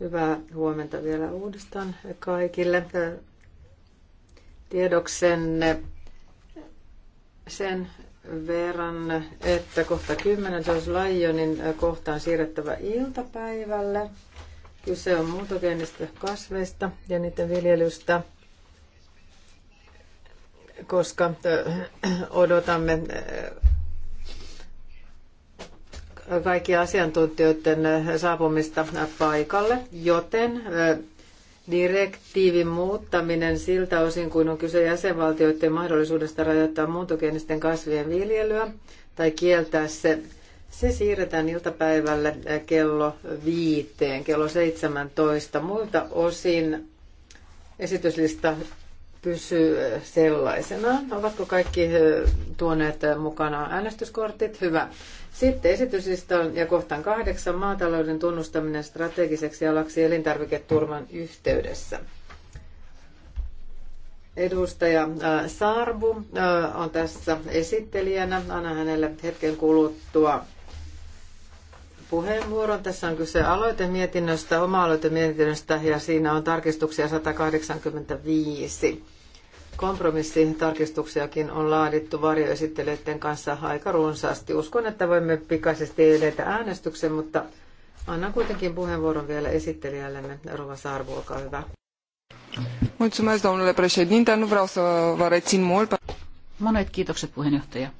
Hyvää huomenta vielä uudestaan kaikille. Tiedoksenne sen verran, että kohta 10 George Lyonin kohtaan siirrettävä iltapäivälle. Kyse on muutogeenistä kasveista ja niiden viljelystä, koska odotamme kaikki asiantuntijoiden saapumista paikalle, joten direktiivin muuttaminen siltä osin, kuin on kyse jäsenvaltioiden mahdollisuudesta rajoittaa muuntogeenisten kasvien viljelyä tai kieltää se, se siirretään iltapäivälle kello viiteen, kello 17. Muilta osin esityslista pysyy sellaisena. Ovatko kaikki tuoneet mukana äänestyskortit? Hyvä. Sitten esityslistan ja kohtaan kahdeksan maatalouden tunnustaminen strategiseksi alaksi elintarviketurvan yhteydessä. Edustaja Saarbu on tässä esittelijänä. Anna hänelle hetken kuluttua puheenvuoron. Tässä on kyse aloitemietinnöstä, oma-aloitemietinnöstä ja siinä on tarkistuksia 185. Kompromissitarkistuksiakin on laadittu varjoesittelijöiden kanssa aika runsaasti. Uskon, että voimme pikaisesti edetä äänestyksen, mutta annan kuitenkin puheenvuoron vielä esittelijällemme. Rova Saarvo, olkaa hyvä. Mulțumesc, domnule președinte. Nu vreau să vă rețin mult. Monet kiitokset, puheenjohtaja.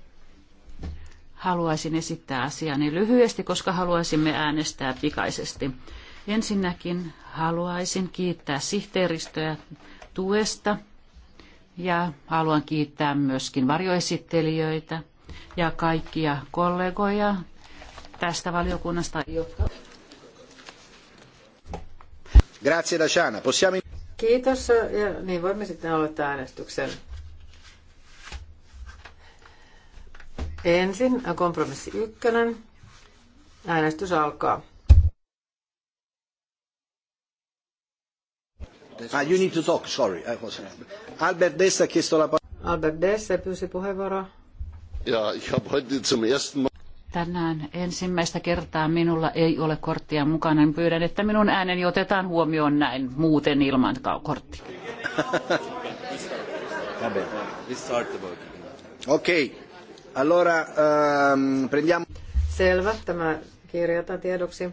Haluaisin esittää asiani lyhyesti, koska haluaisimme äänestää pikaisesti. Ensinnäkin haluaisin kiittää sihteeristöä tuesta ja haluan kiittää myöskin varjoesittelijöitä ja kaikkia kollegoja tästä valiokunnasta, jotka... Grazie Daciana. Possiamo... Kiitos ja niin voimme sitten aloittaa äänestyksen. Ensin kompromissi ykkönen. Äänestys alkaa. Ah, you need to talk, sorry. I was... Albert Dess ha chiesto la parola. Albert Dess pyysi puheenvuoroa. Ja, ich habe heute Tänään ensimmäistä kertaa minulla ei ole korttia mukana. Niin pyydän, että minun ääneni otetaan huomioon näin muuten ilman korttia. Okei. Okay. Allora, um, prendiamo... Selvä, tämä kirjataan tiedoksi.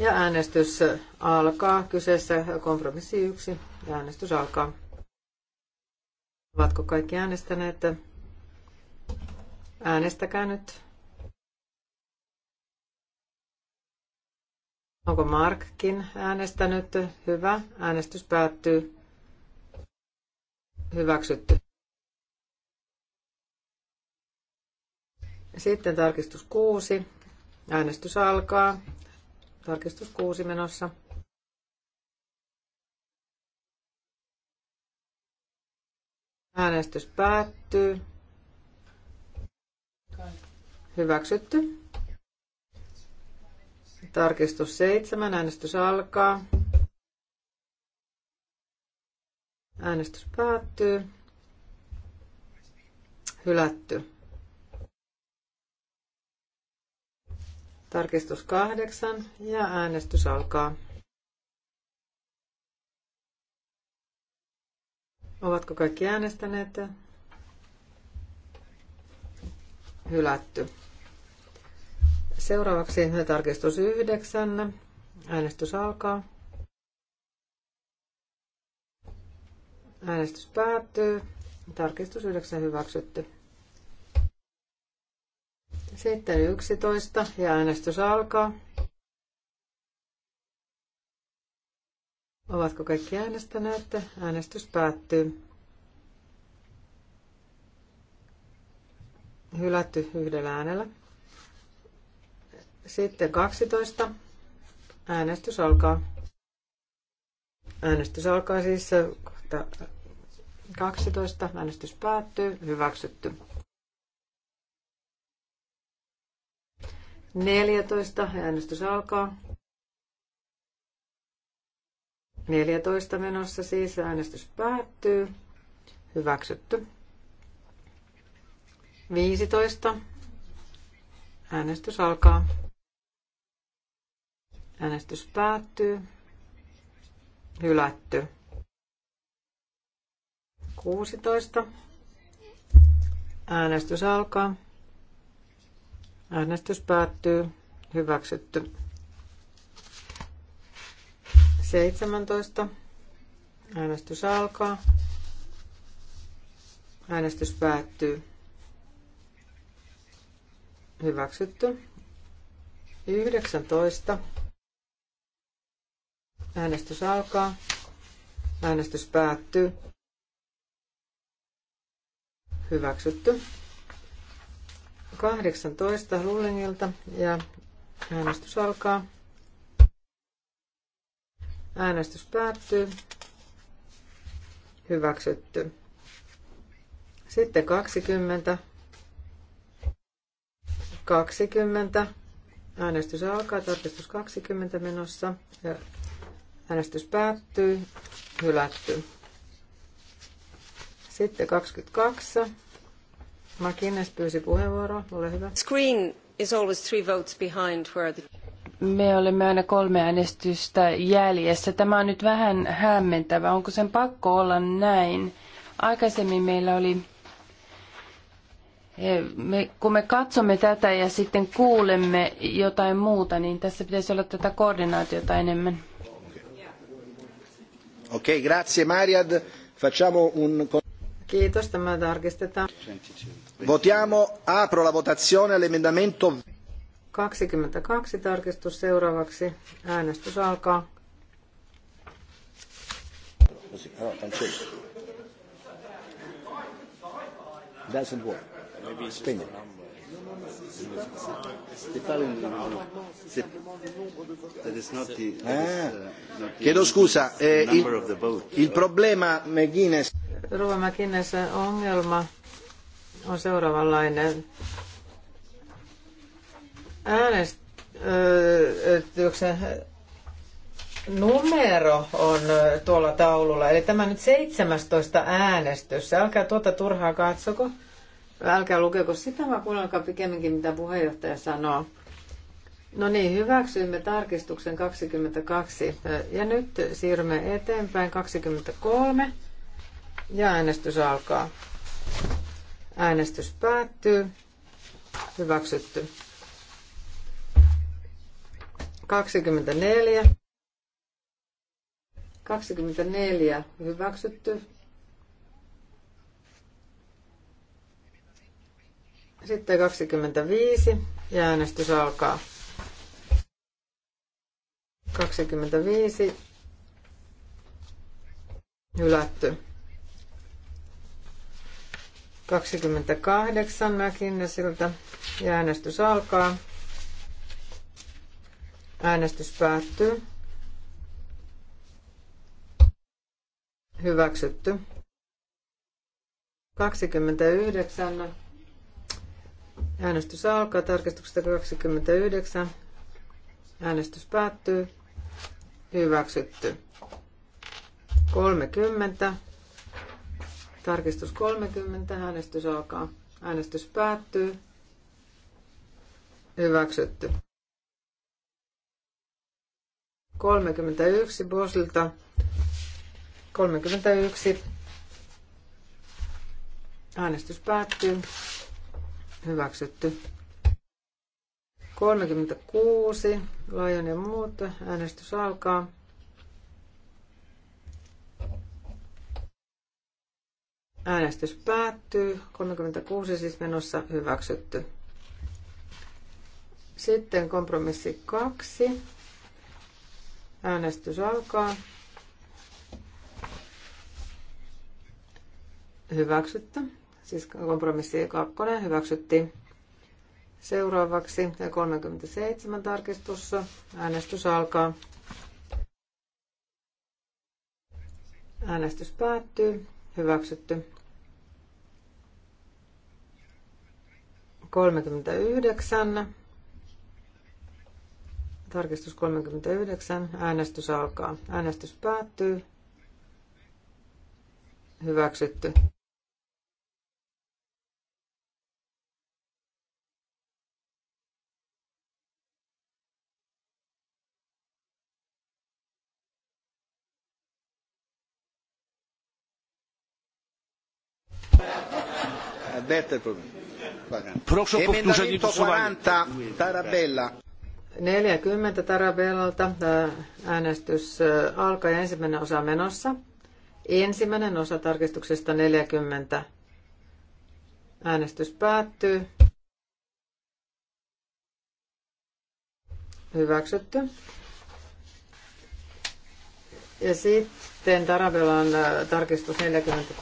Ja äänestys alkaa. Kyseessä kompromissi yksi. Ja äänestys alkaa. Ovatko kaikki äänestäneet? Äänestäkää nyt. Onko Markkin äänestänyt? Hyvä. Äänestys päättyy. Hyväksytty. Sitten tarkistus 6. Äänestys alkaa. Tarkistus 6 menossa. Äänestys päättyy. Hyväksytty. Tarkistus 7. Äänestys alkaa. Äänestys päättyy. Hylätty. Tarkistus kahdeksan ja äänestys alkaa. Ovatko kaikki äänestäneet? Hylätty. Seuraavaksi tarkistus yhdeksän. Äänestys alkaa. Äänestys päättyy. Tarkistus yhdeksän hyväksytty. Sitten 11 ja äänestys alkaa. Ovatko kaikki äänestäneet? Äänestys päättyy. Hylätty yhdellä äänellä. Sitten 12. Äänestys alkaa. Äänestys alkaa siis 12. Äänestys päättyy. Hyväksytty. 14. Äänestys alkaa. 14 menossa siis äänestys päättyy. Hyväksytty. 15. Äänestys alkaa. Äänestys päättyy. Hylätty. 16. Äänestys alkaa. Äänestys päättyy. Hyväksytty. 17. Äänestys alkaa. Äänestys päättyy. Hyväksytty. 19. Äänestys alkaa. Äänestys päättyy. Hyväksytty. 18 Lullingilta ja äänestys alkaa. Äänestys päättyy. Hyväksytty. Sitten 20. 20. Äänestys alkaa. Tarkistus 20 menossa. Ja äänestys päättyy. Hylätty. Sitten 22 pyysi puheenvuoroa. Ole hyvä. Screen is always three votes behind where the... Me olemme aina kolme äänestystä jäljessä. Tämä on nyt vähän hämmentävä. Onko sen pakko olla näin? Aikaisemmin meillä oli me, kun me katsomme tätä ja sitten kuulemme jotain muuta, niin tässä pitäisi olla tätä koordinaatiota enemmän. Okei, okay, grazie Mariad. Facciamo un... Kiitos, tämä tarkistetaan. Votiamo, apro la votazione all'emendamento 22 tarkistus seuraavaksi. Äänestys alkaa. Doesn't work. Spin it. Chiedo scusa, eh, il, il problema McGuinness. Rova Mäkinäs ongelma on seuraavanlainen. Äänestyksen äh, äh, numero on äh, tuolla taululla. Eli tämä nyt 17 äänestys. Älkää tuota turhaa katsoko. Älkää lukeko sitä, vaan kuunnelkaa pikemminkin, mitä puheenjohtaja sanoo. No niin, hyväksyimme tarkistuksen 22. Ja nyt siirrymme eteenpäin 23. Ja äänestys alkaa. Äänestys päättyy. Hyväksytty. 24. 24 hyväksytty. Sitten 25 ja äänestys alkaa. 25 hylätty. 28 Mäkinnäsiltä. ja äänestys alkaa. Äänestys päättyy. Hyväksytty. 29. Äänestys alkaa tarkistuksesta 29. Äänestys päättyy. Hyväksytty. 30. Tarkistus 30. Äänestys alkaa. Äänestys päättyy. Hyväksytty. 31 Bosilta. 31. Äänestys päättyy. Hyväksytty. 36. Laajan ja muut. Äänestys alkaa. Äänestys päättyy. 36 siis menossa hyväksytty. Sitten kompromissi 2. Äänestys alkaa. Hyväksytty. Siis kompromissi 2 hyväksyttiin. Seuraavaksi 37 tarkistussa. Äänestys alkaa. Äänestys päättyy. Hyväksytty. 39. Tarkistus 39. Äänestys alkaa. Äänestys päättyy. Hyväksytty. Proszę o powtórzenie głosowania. 40 Tarabella. 40 Tarabellalta äänestys alkaa ja ensimmäinen osa menossa. Ensimmäinen osa tarkistuksesta 40. Äänestys päättyy. Hyväksytty. Ja sitten Tarabellan tarkistus 42.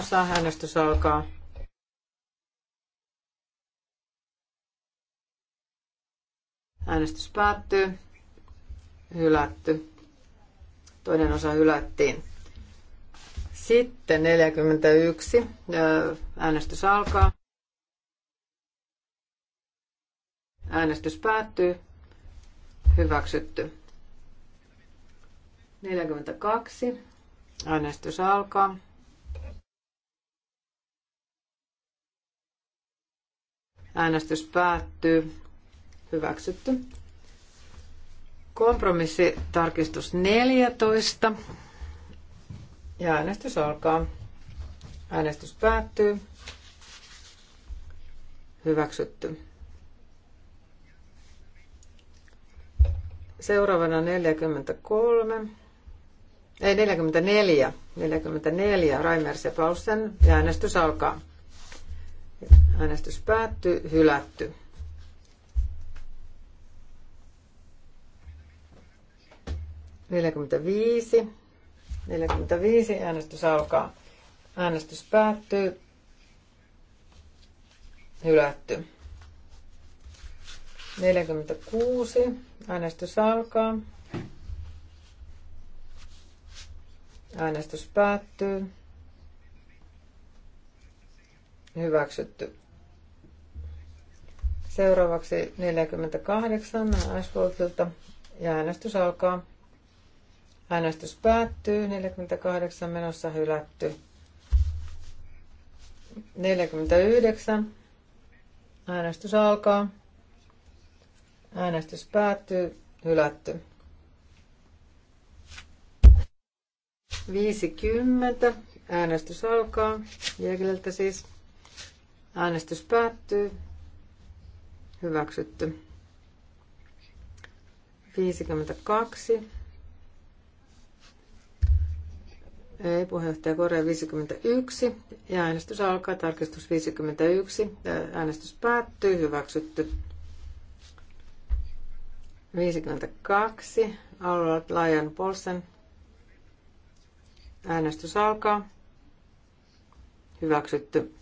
osa. Äänestys alkaa. Äänestys päättyy. Hylätty. Toinen osa hylättiin. Sitten 41. Äänestys alkaa. Äänestys päättyy. Hyväksytty. 42. Äänestys alkaa. Äänestys päättyy hyväksytty. tarkistus 14. Ja äänestys alkaa. Äänestys päättyy. Hyväksytty. Seuraavana 43. Ei 44. 44. Raimers ja Paulsen. Ja äänestys alkaa. Äänestys päättyy. Hylätty. 45. 45. Äänestys alkaa. Äänestys päättyy. Hylätty. 46. Äänestys alkaa. Äänestys päättyy. Hyväksytty. Seuraavaksi 48 Ashfordilta ja äänestys alkaa. Äänestys päättyy. 48 menossa hylätty. 49. Äänestys alkaa. Äänestys päättyy. Hylätty. 50. Äänestys alkaa. Jäkeliltä siis. Äänestys päättyy. Hyväksytty. 52. Ei, puheenjohtaja Korea 51. Ja äänestys alkaa, tarkistus 51. Äänestys päättyy, hyväksytty. 52. Alueet Laajan Polsen. Äänestys alkaa. Hyväksytty.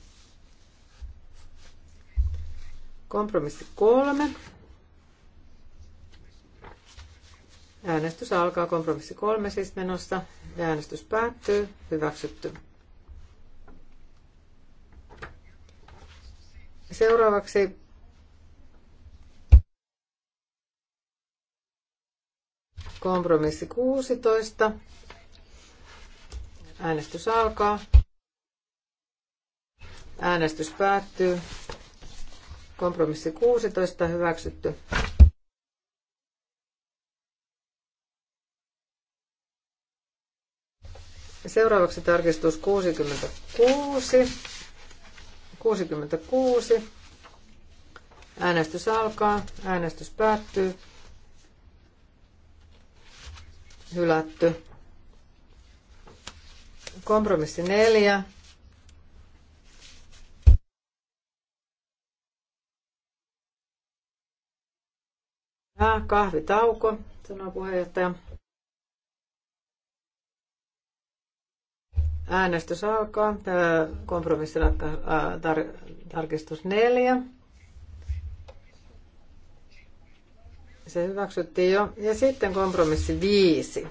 Kompromissi kolme Äänestys alkaa kompromissi kolme siis menossa. Äänestys päättyy. Hyväksytty. Seuraavaksi kompromissi 16. Äänestys alkaa. Äänestys päättyy. Kompromissi 16 hyväksytty. Seuraavaksi tarkistus 66. 66. Äänestys alkaa, äänestys päättyy. Hylätty. Kompromissi 4. Ja kahvitauko, sanoo puheenjohtaja. Äänestys alkaa. Kompromissitarkistus neljä. Se hyväksyttiin jo. Ja sitten kompromissi viisi.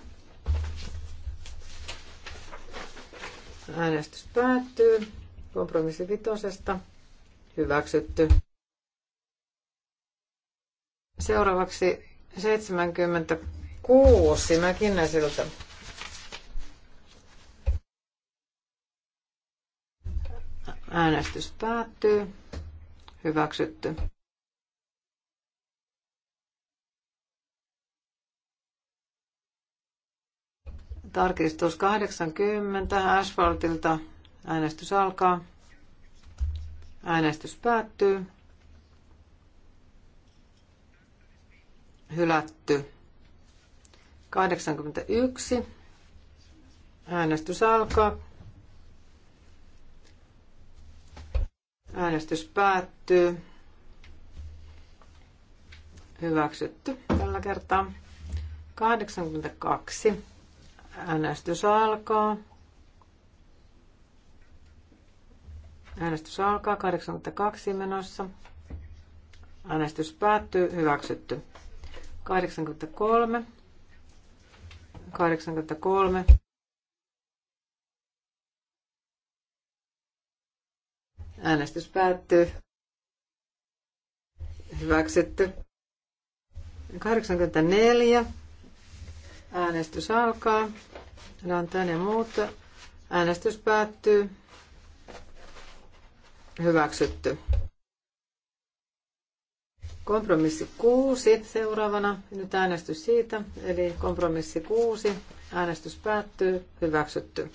Äänestys päättyy. Kompromissi vitosesta. Hyväksytty. Seuraavaksi 76 Mäkinäisiltä. siltä. Äänestys päättyy. Hyväksytty. Tarkistus 80 asfaltilta. Äänestys alkaa. Äänestys päättyy. Hylätty. 81. Äänestys alkaa. Äänestys päättyy. Hyväksytty tällä kertaa. 82. Äänestys alkaa. Äänestys alkaa 82 menossa. Äänestys päättyy. Hyväksytty. 83. 83. Äänestys päättyy. Hyväksytty. 84. Äänestys alkaa. Rantainen ja muuta. Äänestys päättyy. Hyväksytty. Kompromissi 6 seuraavana. Nyt äänestys siitä. Eli kompromissi 6. Äänestys päättyy. Hyväksytty.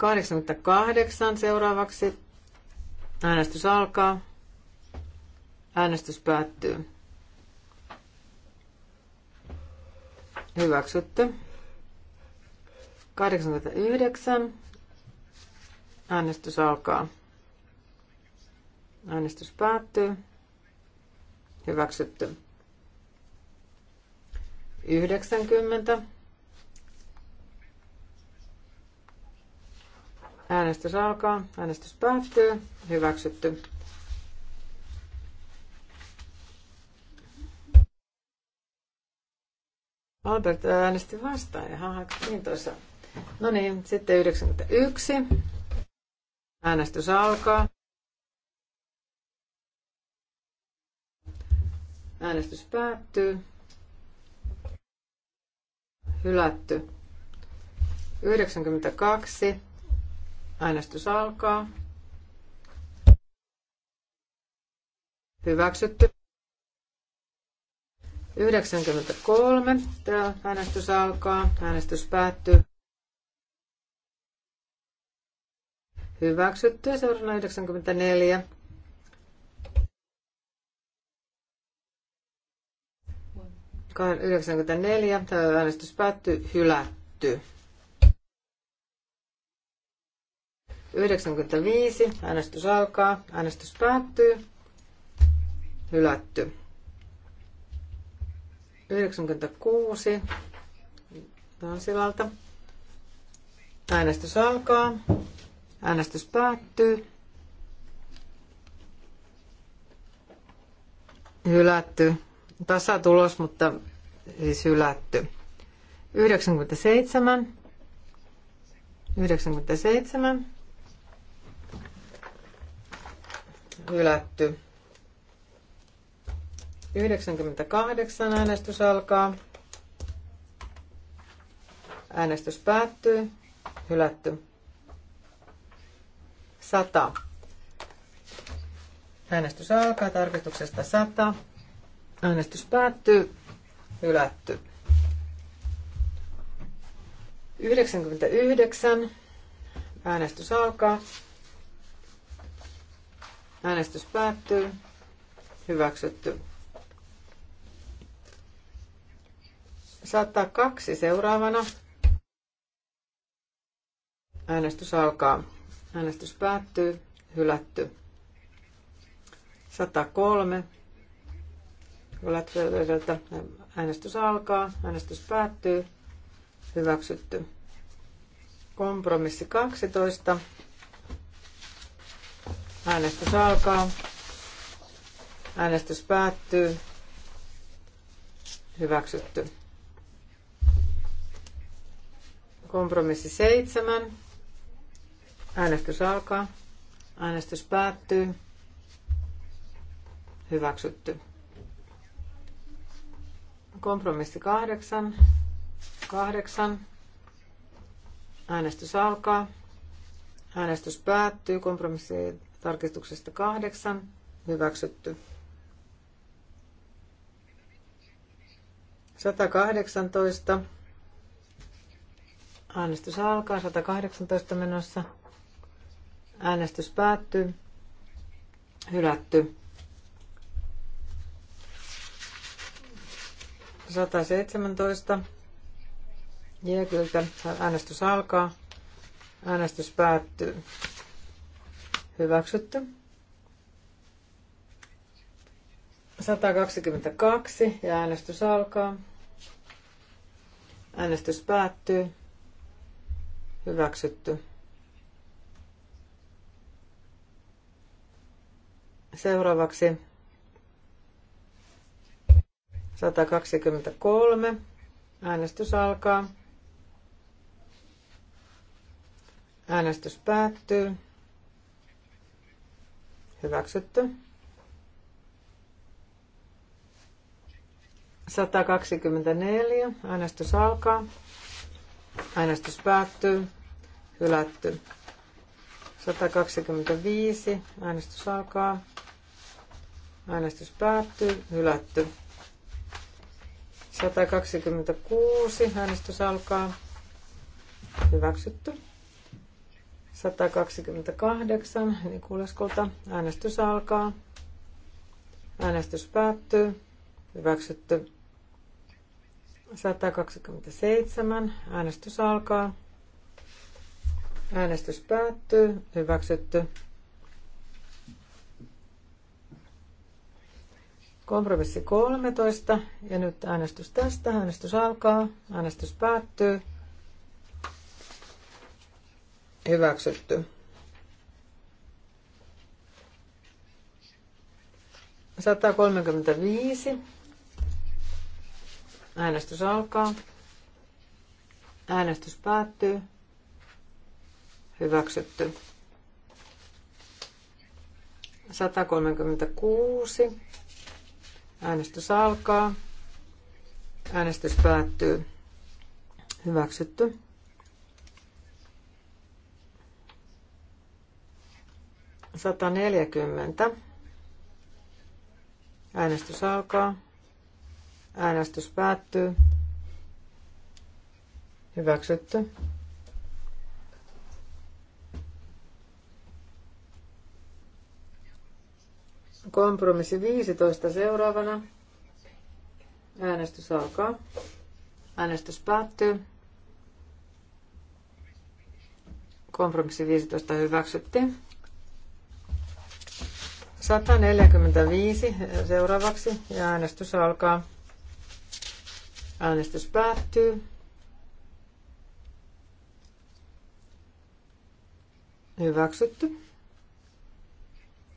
88 seuraavaksi. Äänestys alkaa. Äänestys päättyy. Hyväksytty. 89. Äänestys alkaa. Äänestys päättyy. Hyväksytty. 90. Äänestys alkaa. Äänestys päättyy. Hyväksytty. Albert äänesti vastaan. Jaha, niin toisa. No niin, sitten 91. Äänestys alkaa. Äänestys päättyy. Hylätty. 92. Äänestys alkaa. Hyväksytty. 93. Tämä äänestys alkaa. Äänestys päättyy. Hyväksytty. Seuraavana 94. Ka 94. Tämä äänestys päättyy. Hylätty. 95. Äänestys alkaa. Äänestys päättyy. Hylätty. 96. Tansilalta. Äänestys alkaa. Äänestys päättyy. Hylätty. Tasatulos, mutta siis hylätty. 97. 97. hylätty. 98 äänestys alkaa. Äänestys päättyy. Hylätty. 100. Äänestys alkaa tarkistuksesta 100. Äänestys päättyy. Hylätty. 99. Äänestys alkaa. Äänestys päättyy. Hyväksytty. 102 seuraavana. Äänestys alkaa. Äänestys päättyy. Hylätty. 103. Hylätyltä. Äänestys alkaa. Äänestys päättyy. Hyväksytty. Kompromissi 12 Äänestys alkaa. Äänestys päättyy. Hyväksytty. Kompromissi seitsemän. Äänestys alkaa. Äänestys päättyy. Hyväksytty. Kompromissi kahdeksan. Kahdeksan. Äänestys alkaa. Äänestys päättyy. Kompromissi Tarkistuksesta kahdeksan. Hyväksytty. 118. Äänestys alkaa. 118 menossa. Äänestys päättyy. Hylätty. 117. Jekyltä äänestys alkaa. Äänestys päättyy. Hyväksytty. 122 ja äänestys alkaa. Äänestys päättyy. Hyväksytty. Seuraavaksi 123. Äänestys alkaa. Äänestys päättyy. Hyväksytty. 124. Äänestys alkaa. Äänestys päättyy. Hylätty. 125. Äänestys alkaa. Äänestys päättyy. Hylätty. 126. Äänestys alkaa. Hyväksytty. 128 Nikulaskulta. Äänestys alkaa. Äänestys päättyy. Hyväksytty. 127. Äänestys alkaa. Äänestys päättyy. Hyväksytty. Kompromissi 13. Ja nyt äänestys tästä. Äänestys alkaa. Äänestys päättyy. Hyväksytty. Sata kolmekymmentäviisi. Äänestys alkaa. Äänestys päättyy. Hyväksytty. 136. Äänestys alkaa. Äänestys päättyy. Hyväksytty. 140. Äänestys alkaa. Äänestys päättyy. Hyväksytty. Kompromissi 15 seuraavana. Äänestys alkaa. Äänestys päättyy. Kompromissi 15 hyväksyttiin. 145 seuraavaksi ja äänestys alkaa. Äänestys päättyy. Hyväksytty.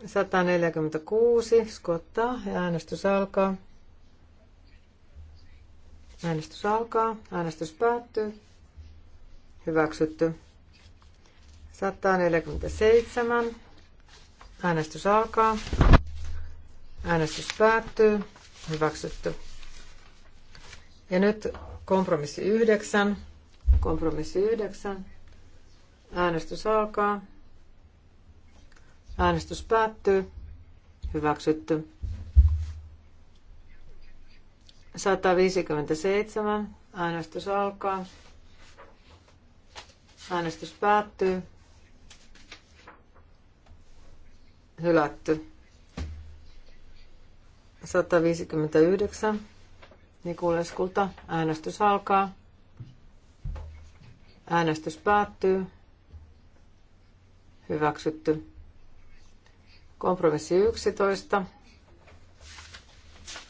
146 skottaa ja äänestys alkaa. Äänestys alkaa. Äänestys päättyy. Hyväksytty. 147 Äänestys alkaa. Äänestys päättyy. Hyväksytty. Ja nyt kompromissi yhdeksän. Kompromissi yhdeksän. Äänestys alkaa. Äänestys päättyy. Hyväksytty. 157. Äänestys alkaa. Äänestys päättyy. hylätty. 159 Nikuleskulta. Äänestys alkaa. Äänestys päättyy. Hyväksytty. Kompromissi 11.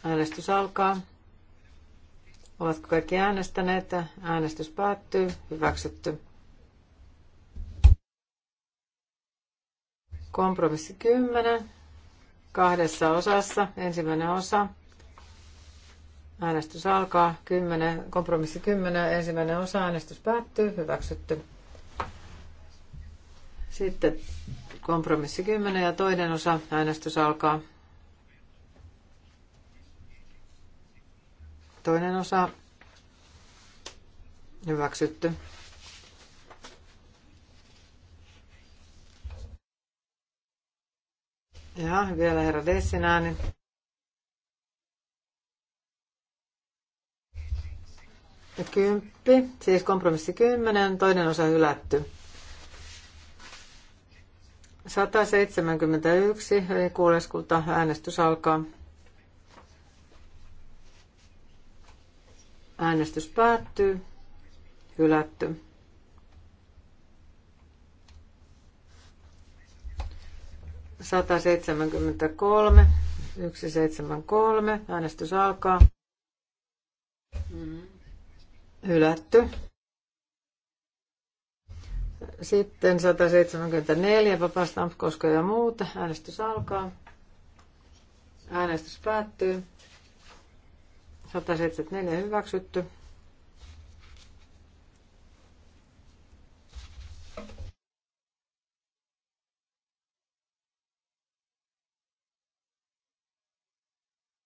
Äänestys alkaa. Ovatko kaikki äänestäneet? Äänestys päättyy. Hyväksytty. Kompromissi 10 kahdessa osassa. Ensimmäinen osa. Äänestys alkaa. 10, kompromissi 10. Ensimmäinen osa. Äänestys päättyy. Hyväksytty. Sitten kompromissi 10 ja toinen osa. Äänestys alkaa. Toinen osa. Hyväksytty. vielä herra Dessin ääni. Kymppi, siis kompromissi kymmenen, toinen osa hylätty. 171, eli kuuleskulta äänestys alkaa. Äänestys päättyy. Hylätty. 173, 173, äänestys alkaa. Hylätty. Sitten 174, Papastamkoska ja muuta, Äänestys alkaa. Äänestys päättyy. 174 hyväksytty.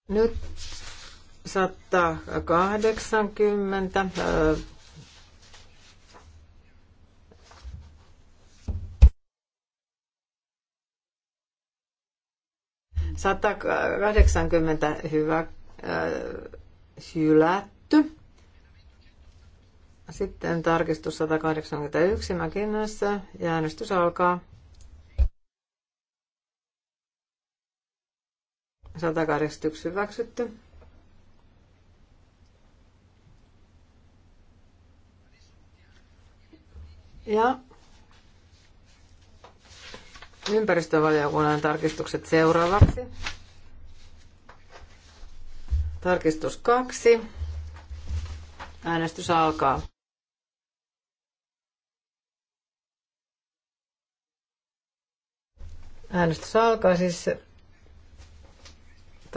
Nyt 180. Sata kahdeksankymmentä hyvä äh, hylätty. Sitten tarkistus 181 Mäkinnässä ja äänestys alkaa. 181 hyväksytty. Ja ympäristövaliokunnan tarkistukset seuraavaksi. Tarkistus kaksi. Äänestys alkaa. Äänestys alkaa siis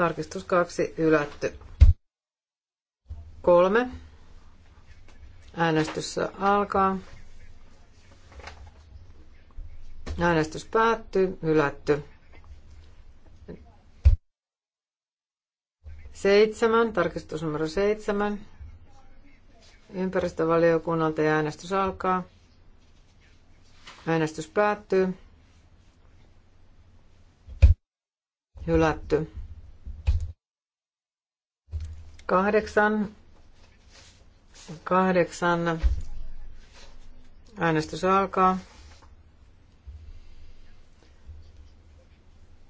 Tarkistus kaksi hylätty. Kolme. Äänestys alkaa. Äänestys päättyy. Hylätty. Seitsemän. Tarkistus numero seitsemän. Ympäristövaliokunnalta ja äänestys alkaa. Äänestys päättyy. Hylätty. Kahdeksan. Kahdeksan. Äänestys alkaa.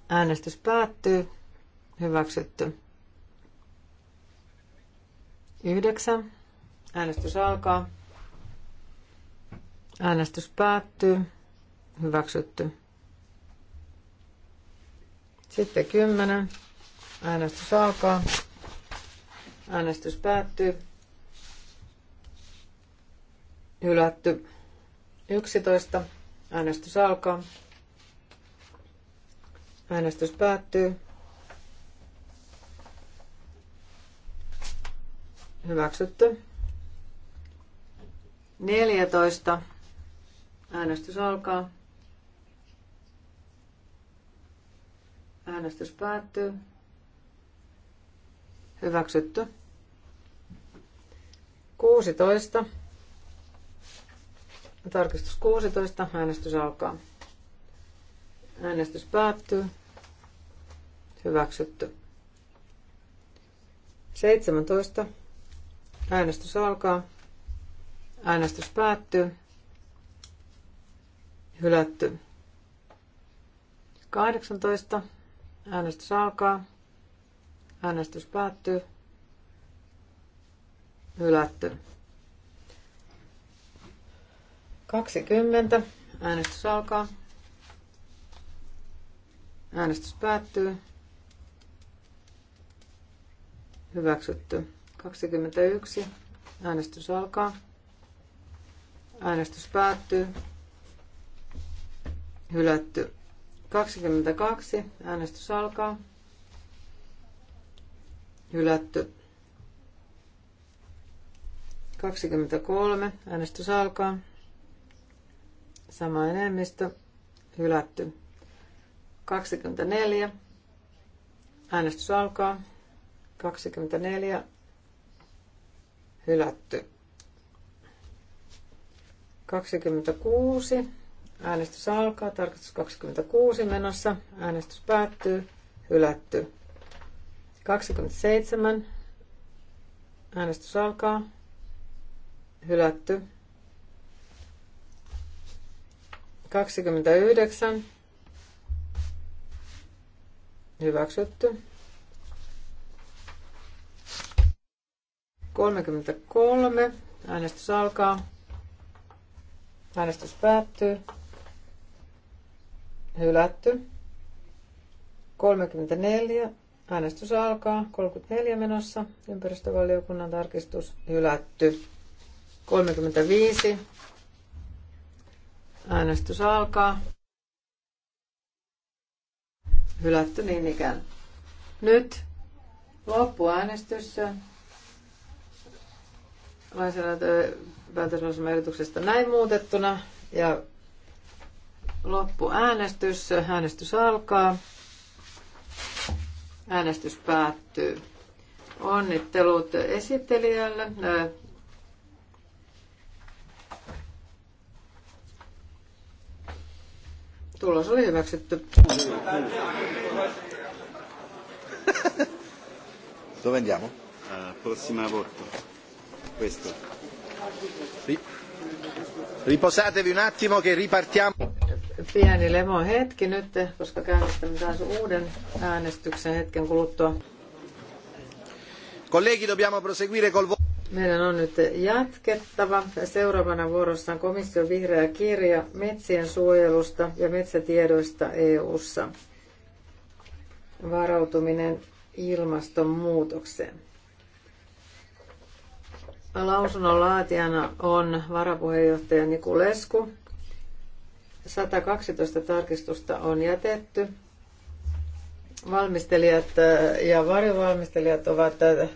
Äänestys päättyy. Hyväksytty. Yhdeksän. Äänestys alkaa. Äänestys päättyy. Hyväksytty. Sitten kymmenen. Äänestys alkaa. Äänestys päättyy. Hylätty 11. Äänestys alkaa. Äänestys päättyy. Hyväksytty. 14. Äänestys alkaa. Äänestys päättyy. Hyväksytty. 16. Tarkistus 16. Äänestys alkaa. Äänestys päättyy. Hyväksytty. 17. Äänestys alkaa. Äänestys päättyy. Hylätty. 18. Äänestys alkaa. Äänestys päättyy. Hylätty. 20. Äänestys alkaa. Äänestys päättyy. Hyväksytty. 21. Äänestys alkaa. Äänestys päättyy. Hylätty. 22. Äänestys alkaa. Hylätty. 23. Äänestys alkaa. Sama enemmistö. Hylätty. 24. Äänestys alkaa. 24. Hylätty. 26. Äänestys alkaa. Tarkoitus 26 menossa. Äänestys päättyy. Hylätty. 27. Äänestys alkaa hylätty. 29 hyväksytty. 33 äänestys alkaa. Äänestys päättyy. Hylätty. 34 äänestys alkaa. 34 menossa. Ympäristövaliokunnan tarkistus hylätty. 35. Äänestys alkaa. Hylätty niin ikään. Nyt loppuäänestys lainsäädäntöpäätöslausumaehdotuksesta näin muutettuna ja loppuäänestys. Äänestys alkaa. Äänestys päättyy. Onnittelut esittelijälle. Tulos oli hyväksytty. Dove andiamo? Uh, prossima voto. Questo. Ri- riposatevi un attimo che ripartiamo. Pieni lemo hetki nyt, koska käynnistämme taas uuden äänestyksen hetken kuluttua. Colleghi, dobbiamo proseguire col voto. Meidän on nyt jatkettava. Seuraavana vuorossa on komission vihreä kirja metsien suojelusta ja metsätiedoista EU:ssa. Varautuminen ilmastonmuutokseen. Lausunnon laatijana on varapuheenjohtaja Niku Lesku. 112 tarkistusta on jätetty. Valmistelijat äh, ja varjovalmistelijat ovat äh,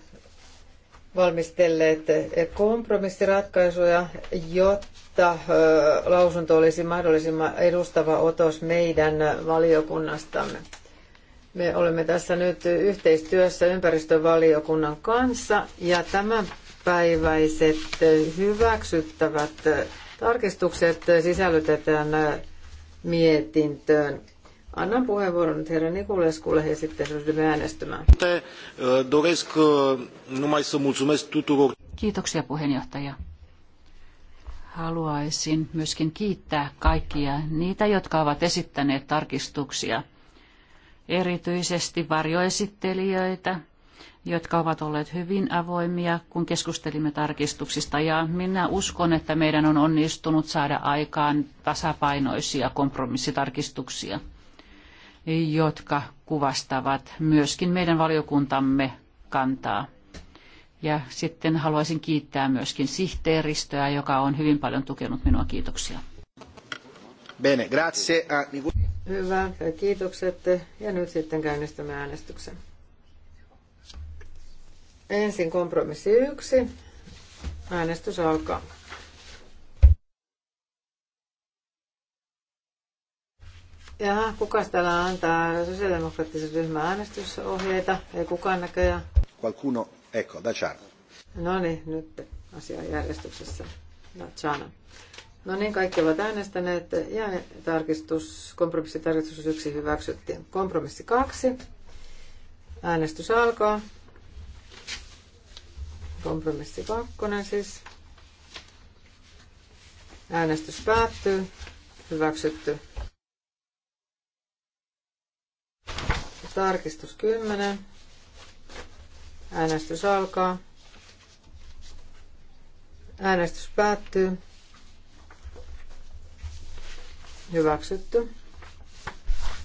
valmistelleet kompromissiratkaisuja, jotta lausunto olisi mahdollisimman edustava otos meidän valiokunnastamme. Me olemme tässä nyt yhteistyössä ympäristövaliokunnan kanssa ja tämänpäiväiset hyväksyttävät tarkistukset sisällytetään mietintöön. Annan puheenvuoron nyt herra Nikuleskulle ja sitten ryhdymme äänestämään. E, doresc e, numai să mulțumesc tuturor. Kiitoksia puheenjohtaja. Haluaisin myöskin kiittää kaikkia niitä, jotka ovat esittäneet tarkistuksia. Erityisesti varjoesittelijöitä, jotka ovat olleet hyvin avoimia, kun keskustelimme tarkistuksista. Ja minä uskon, että meidän on onnistunut saada aikaan tasapainoisia kompromissitarkistuksia jotka kuvastavat myöskin meidän valiokuntamme kantaa. Ja sitten haluaisin kiittää myöskin sihteeristöä, joka on hyvin paljon tukenut minua. Kiitoksia. Bene, grazie. Hyvä, kiitokset. Ja nyt sitten käynnistämme äänestyksen. Ensin kompromissi yksi. Äänestys alkaa. Ja kuka täällä antaa sosiaalidemokraattisen ryhmän äänestysohjeita? Ei kukaan näköjään. Qualcuno, ecco, da Ciano. No niin, nyt asia järjestyksessä. Da Ciano. No niin, kaikki ovat äänestäneet ja tarkistus, kompromissitarkistus 1 hyväksyttiin. Kompromissi 2. Äänestys alkaa. Kompromissi 2 siis. Äänestys päättyy. Hyväksytty Tarkistus 10. Äänestys alkaa. Äänestys päättyy. Hyväksytty.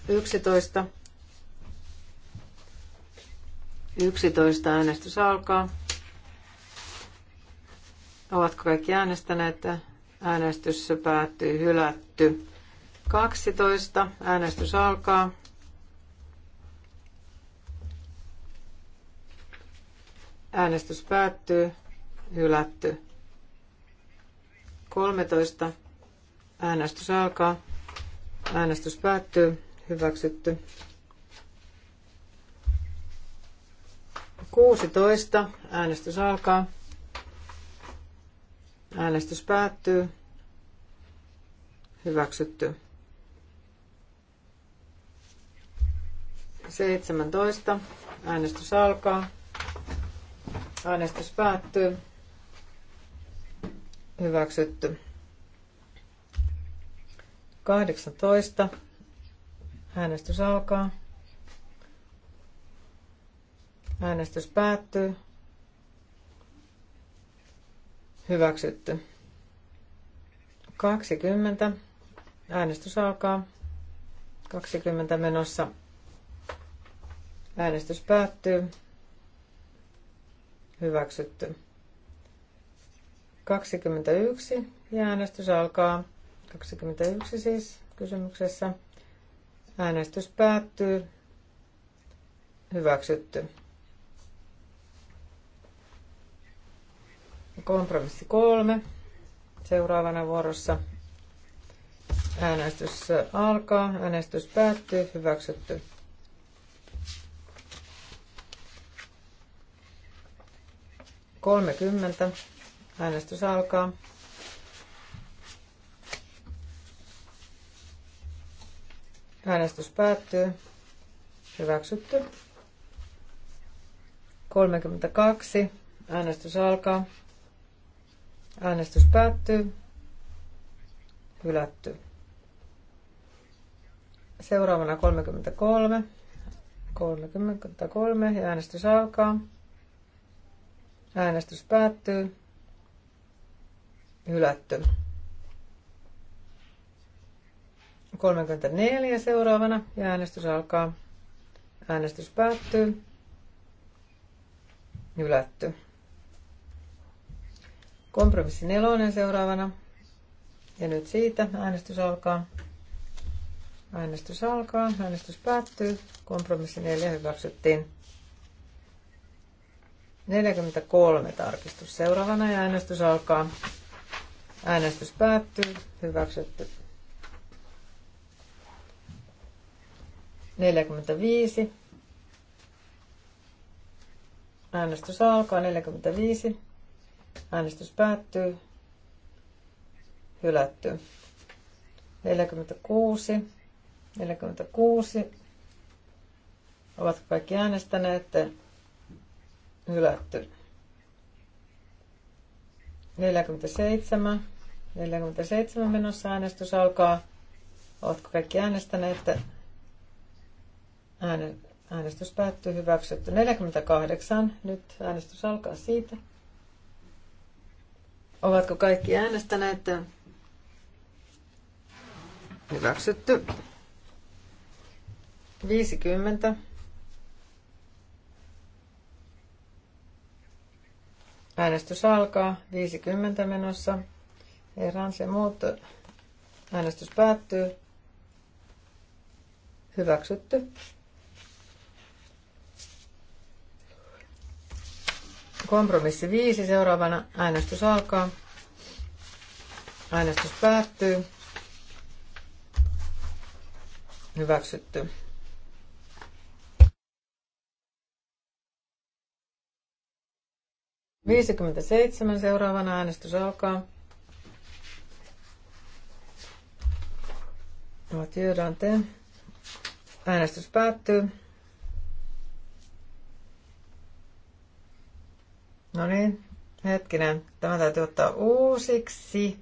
11. 11 äänestys alkaa. Ovatko kaikki äänestäneet? Äänestys päättyy hylätty. 12. Äänestys alkaa. Äänestys päättyy. Hylätty. 13. Äänestys alkaa. Äänestys päättyy. Hyväksytty. 16. Äänestys alkaa. Äänestys päättyy. Hyväksytty. 17. Äänestys alkaa. Äänestys päättyy. Hyväksytty. 18. Äänestys alkaa. Äänestys päättyy. Hyväksytty. 20. Äänestys alkaa. 20 menossa. Äänestys päättyy. Hyväksytty. 21 ja äänestys alkaa. 21 siis kysymyksessä. Äänestys päättyy. Hyväksytty. Kompromissi kolme. Seuraavana vuorossa äänestys alkaa, äänestys päättyy, hyväksytty. 30. Äänestys alkaa. Äänestys päättyy. Hyväksytty. 32. Äänestys alkaa. Äänestys päättyy. Hylätty. Seuraavana 33. 33 äänestys alkaa. Äänestys päättyy. Hylätty. 34 seuraavana ja äänestys alkaa. Äänestys päättyy. Hylätty. Kompromissi nelonen seuraavana. Ja nyt siitä äänestys alkaa. Äänestys alkaa, äänestys päättyy. Kompromissi neljä hyväksyttiin. 43 tarkistus seuraavana ja äänestys alkaa. Äänestys päättyy. Hyväksytty. 45. Äänestys alkaa. 45. Äänestys päättyy. Hylätty. 46. 46. Ovatko kaikki äänestäneet? hylätty. 47. 47 menossa äänestys alkaa. Oletko kaikki äänestäneet? Äänestys päättyy hyväksytty. 48. Nyt äänestys alkaa siitä. Ovatko kaikki äänestäneet? Hyväksytty. 50. Äänestys alkaa. 50 menossa. Herran se muut. Äänestys päättyy. Hyväksytty. Kompromissi 5. Seuraavana äänestys alkaa. Äänestys päättyy. Hyväksytty. 57 seuraavana äänestys alkaa. No, tiedän te. Äänestys päättyy. No niin, hetkinen. Tämä täytyy ottaa uusiksi.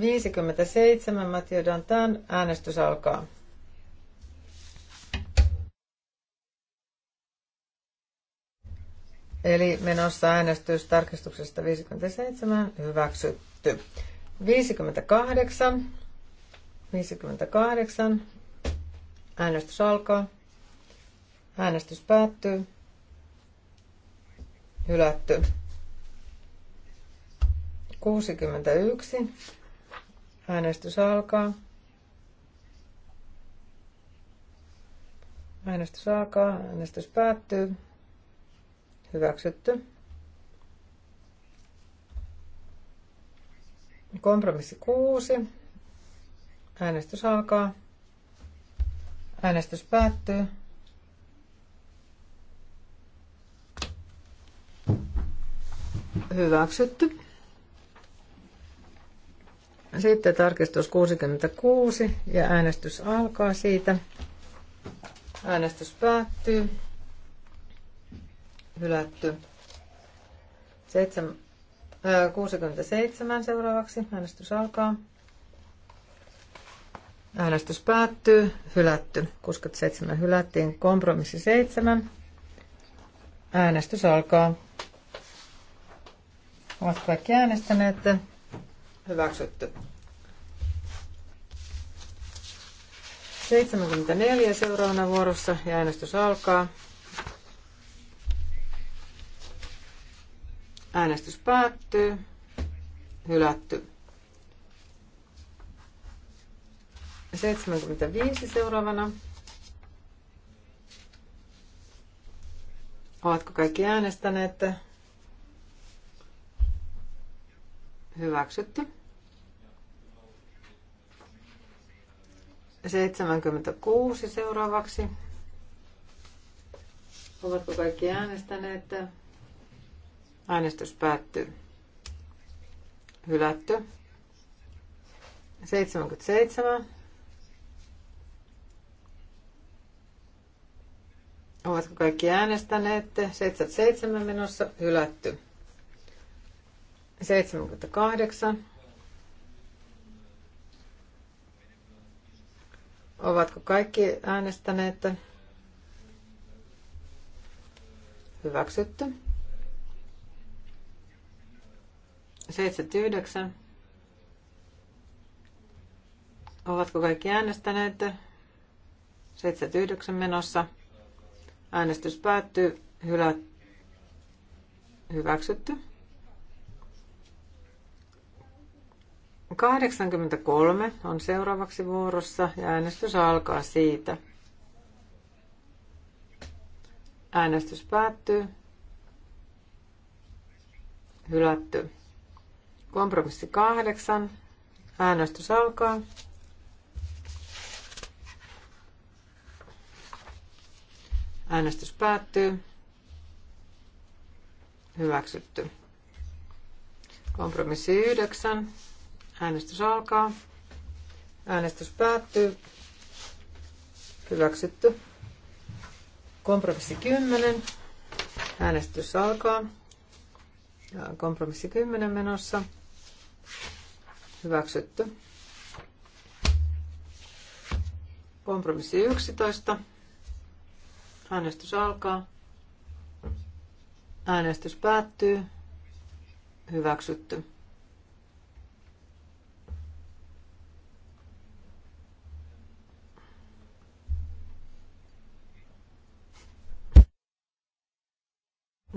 57 Matthew Dantan äänestys alkaa. Eli menossa äänestys tarkistuksesta 57 hyväksytty. 58. 58. Äänestys alkaa. Äänestys päättyy. Hylätty. 61. Äänestys alkaa. Äänestys alkaa. Äänestys päättyy. Hyväksytty. Kompromissi 6. Äänestys alkaa. Äänestys päättyy. Hyväksytty. Sitten tarkistus 66 ja äänestys alkaa siitä. Äänestys päättyy hylätty. 67 äh, seuraavaksi. Äänestys alkaa. Äänestys päättyy. Hylätty. 67 hylättiin. Kompromissi 7. Äänestys alkaa. Ovat kaikki äänestäneet. Hyväksytty. 74 seuraavana vuorossa ja äänestys alkaa. Äänestys päättyy. Hylätty. 75 seuraavana. Ovatko kaikki äänestäneet? Hyväksytty. 76 seuraavaksi. Ovatko kaikki äänestäneet? Äänestys päättyy. Hylätty. 77. Ovatko kaikki äänestäneet? 77 menossa hylätty. 78. Ovatko kaikki äänestäneet? Hyväksytty. 79. Ovatko kaikki äänestäneet? 79 menossa. Äänestys päättyy. Hylä... Hyväksytty. 83 on seuraavaksi vuorossa ja äänestys alkaa siitä. Äänestys päättyy. Hylätty. Kompromissi kahdeksan. Äänestys alkaa. Äänestys päättyy. Hyväksytty. Kompromissi yhdeksän. Äänestys alkaa. Äänestys päättyy. Hyväksytty. Kompromissi 10. Äänestys alkaa. Kompromissi 10 menossa. Hyväksytty. Kompromissi 11. Äänestys alkaa. Äänestys päättyy. Hyväksytty.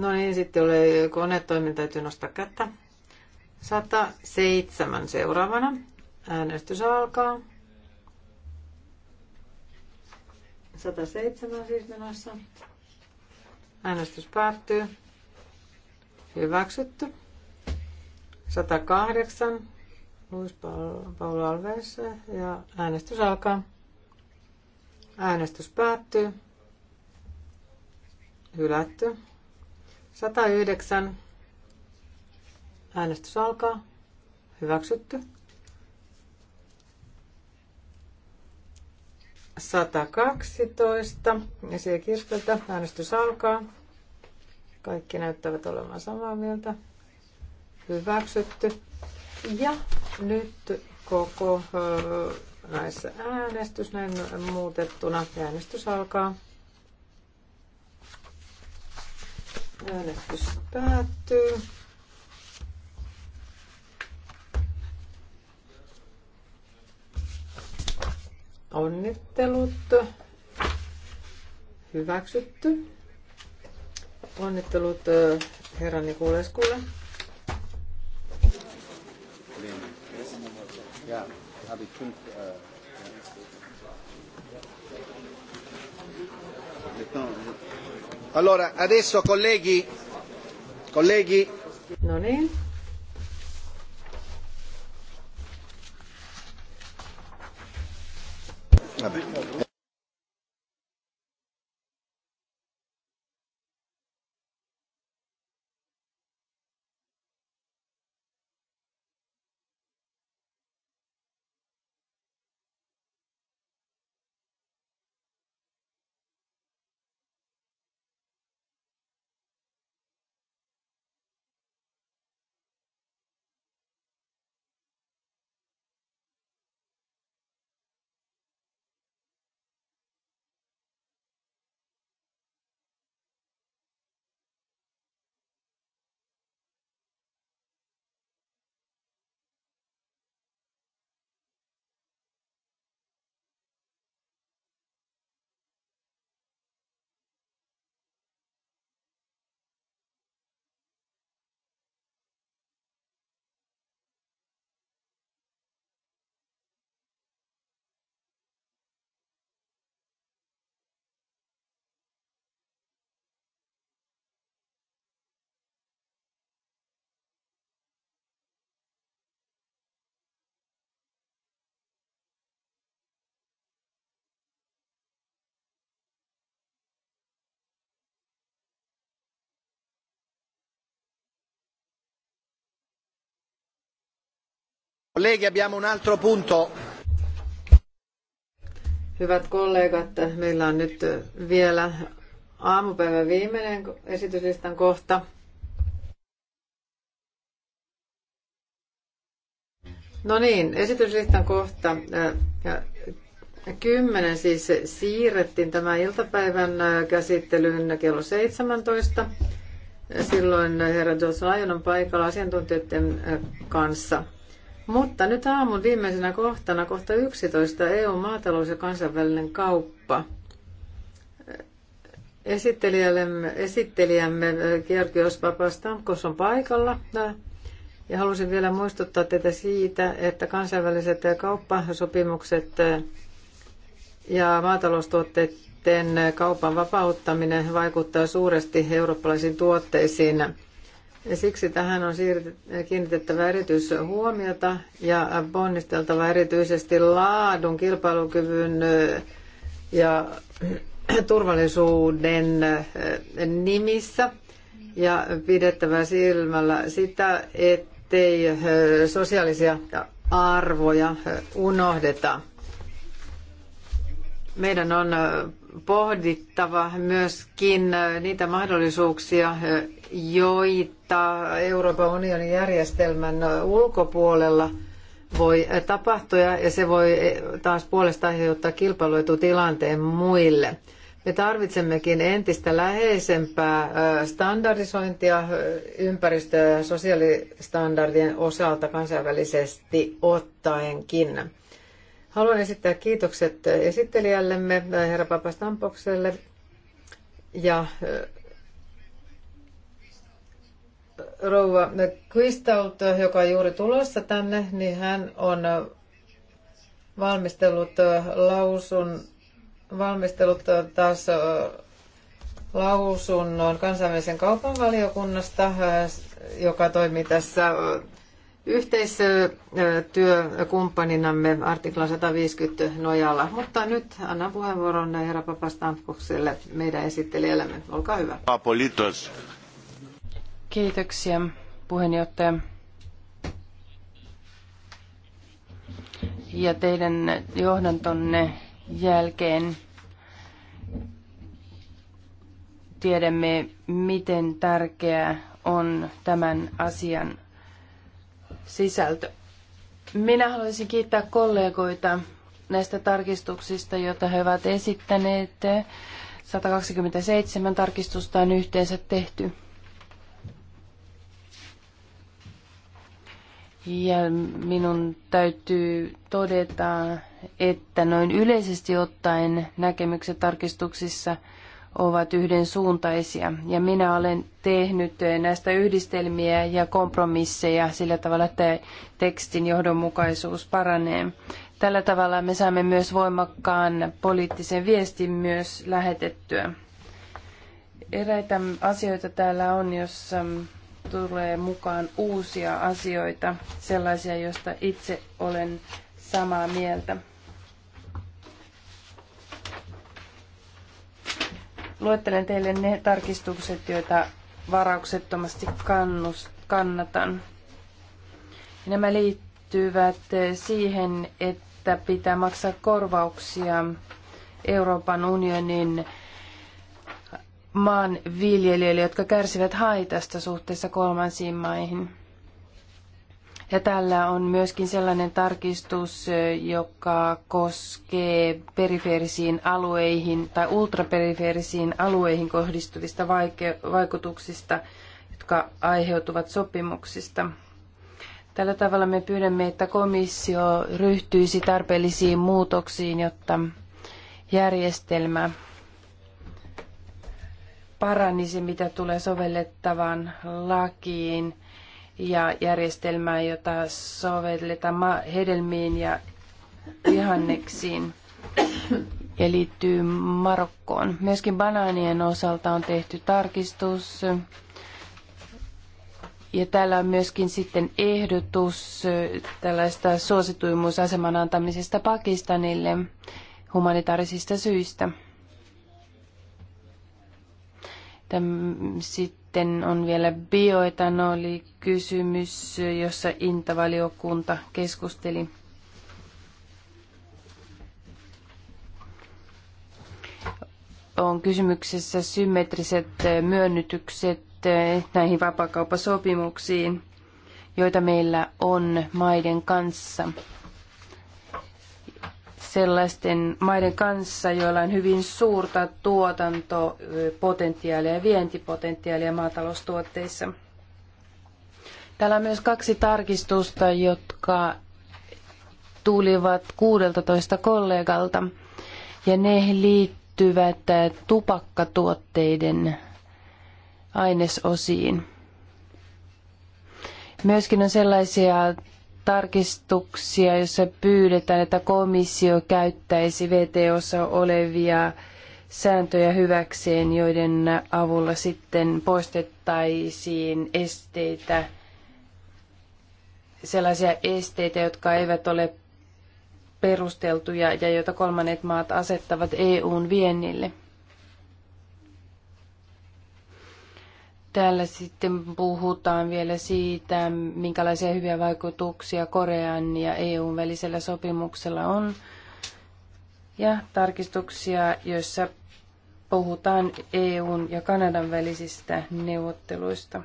No niin, sitten oli konetoimin täytyy nostaa kättä. 107 seuraavana. Äänestys alkaa. 107 siis menossa. Äänestys päättyy. Hyväksytty. 108. Luis Paula Alves ja äänestys alkaa. Äänestys päättyy. Hylätty. 109. Äänestys alkaa. Hyväksytty. 112. Ja siekirstöltä äänestys alkaa. Kaikki näyttävät olevan samaa mieltä. Hyväksytty. Ja nyt koko näissä äänestys näin muutettuna. Äänestys alkaa. Äänestys päättyy. Onnittelut. Hyväksytty. Onnittelut herra Nikuleskulle. Ja, habe ich fünf, Maintenant, Allora, adesso colleghi, colleghi. No niin. Vabbè. Colleghi, abbiamo un altro punto. Hyvät kollegat, meillä on nyt vielä aamupäivän viimeinen esityslistan kohta. No niin, esityslistan kohta äh, kymmenen siis siirrettiin tämän iltapäivän äh, käsittelyyn kello 17. Silloin herra Johnson Ajon on paikalla asiantuntijoiden äh, kanssa. Mutta nyt aamun viimeisenä kohtana, kohta 11, EU-maatalous ja kansainvälinen kauppa. Esittelijämme, esittelijämme eh, Georgios Papastamkos on paikalla. Ja halusin vielä muistuttaa teitä siitä, että kansainväliset eh, kauppasopimukset eh, ja maataloustuotteiden kaupan vapauttaminen vaikuttaa suuresti eurooppalaisiin tuotteisiin. Siksi tähän on kiinnitettävä erityishuomiota ja ponnisteltava erityisesti laadun, kilpailukyvyn ja turvallisuuden nimissä ja pidettävä silmällä sitä, ettei sosiaalisia arvoja unohdeta. Meidän on pohdittava myöskin äh, niitä mahdollisuuksia, äh, joita Euroopan unionin järjestelmän äh, ulkopuolella voi tapahtua ja se voi taas puolestaan aiheuttaa kilpailuetutilanteen muille. Me tarvitsemmekin entistä läheisempää standardisointia ympäristö- ja sosiaalistandardien osalta kansainvälisesti ottaenkin. Haluan esittää kiitokset esittelijällemme, herra Papastampokselle, ja rouva Quistaut, joka on juuri tulossa tänne, niin hän on valmistellut lausun, valmistellut taas lausunnon kansainvälisen kaupan valiokunnasta, joka toimii tässä yhteistyökumppaninamme artikla 150 nojalla. Mutta nyt annan puheenvuoron herra Papastamkokselle, meidän esittelijällemme. Olkaa hyvä. Apolitos. Kiitoksia puheenjohtaja. Ja teidän johdantonne jälkeen tiedämme, miten tärkeää on tämän asian sisältö. Minä haluaisin kiittää kollegoita näistä tarkistuksista, joita he ovat esittäneet. 127 tarkistusta on yhteensä tehty. Ja minun täytyy todeta, että noin yleisesti ottaen näkemykset tarkistuksissa – ovat yhdensuuntaisia. Ja minä olen tehnyt eh, näistä yhdistelmiä ja kompromisseja sillä tavalla, että tekstin johdonmukaisuus paranee. Tällä tavalla me saamme myös voimakkaan poliittisen viestin myös lähetettyä. Eräitä asioita täällä on, jossa tulee mukaan uusia asioita, sellaisia, joista itse olen samaa mieltä. Luettelen teille ne tarkistukset, joita varauksettomasti kannust, kannatan. Nämä liittyvät siihen, että pitää maksaa korvauksia Euroopan unionin maanviljelijöille, jotka kärsivät haitasta suhteessa kolmansiin maihin. Ja tällä on myöskin sellainen tarkistus, joka koskee perifeerisiin alueihin tai ultraperifeerisiin alueihin kohdistuvista vaikutuksista, jotka aiheutuvat sopimuksista. Tällä tavalla me pyydämme, että komissio ryhtyisi tarpeellisiin muutoksiin, jotta järjestelmä paranisi, mitä tulee sovellettavaan lakiin – ja järjestelmää, jota sovelletaan hedelmiin ja vihanneksiin ja liittyy Marokkoon. Myöskin banaanien osalta on tehty tarkistus. Ja täällä on myöskin sitten ehdotus tällaista suosituimmuusaseman antamisesta Pakistanille humanitaarisista syistä. Täm, sit, sitten on vielä bioetanoli kysymys, jossa Intavaliokunta keskusteli. On kysymyksessä symmetriset myönnytykset näihin vapakauppasopimuksiin, joita meillä on maiden kanssa sellaisten maiden kanssa, joilla on hyvin suurta tuotantopotentiaalia ja vientipotentiaalia maataloustuotteissa. Täällä on myös kaksi tarkistusta, jotka tulivat 16 kollegalta ja ne liittyvät tupakkatuotteiden ainesosiin. Myöskin on sellaisia tarkistuksia, joissa pyydetään, että komissio käyttäisi VTOssa olevia sääntöjä hyväkseen, joiden avulla sitten poistettaisiin esteitä, sellaisia esteitä, jotka eivät ole perusteltuja ja joita kolmannet maat asettavat EUn viennille. Täällä sitten puhutaan vielä siitä, minkälaisia hyviä vaikutuksia Korean ja EUn välisellä sopimuksella on. Ja tarkistuksia, joissa puhutaan EUn ja Kanadan välisistä neuvotteluista.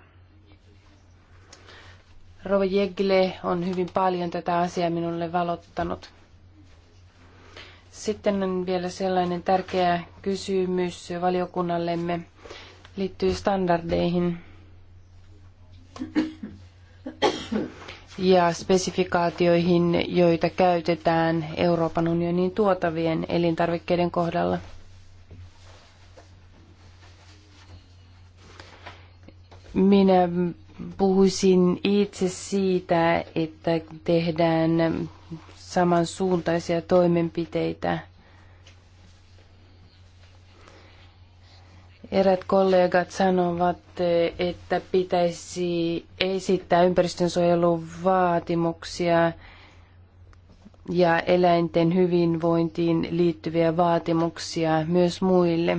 Rova Jegle on hyvin paljon tätä asiaa minulle valottanut. Sitten on vielä sellainen tärkeä kysymys valiokunnallemme – liittyy standardeihin ja spesifikaatioihin, joita käytetään Euroopan unionin tuotavien elintarvikkeiden kohdalla. Minä puhuisin itse siitä, että tehdään samansuuntaisia toimenpiteitä – Erät kollegat sanovat, että pitäisi esittää ympäristönsuojelun vaatimuksia ja eläinten hyvinvointiin liittyviä vaatimuksia myös muille.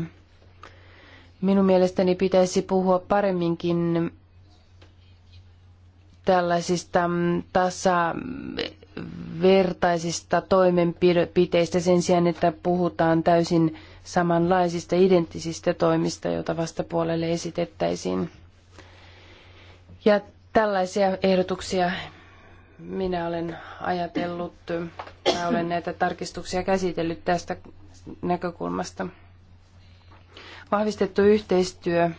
Minun mielestäni pitäisi puhua paremminkin tällaisista tasavertaisista toimenpiteistä sen sijaan, että puhutaan täysin samanlaisista identtisistä toimista, joita vastapuolelle esitettäisiin. Ja tällaisia ehdotuksia minä olen ajatellut, mä olen näitä tarkistuksia käsitellyt tästä näkökulmasta. Vahvistettu yhteistyö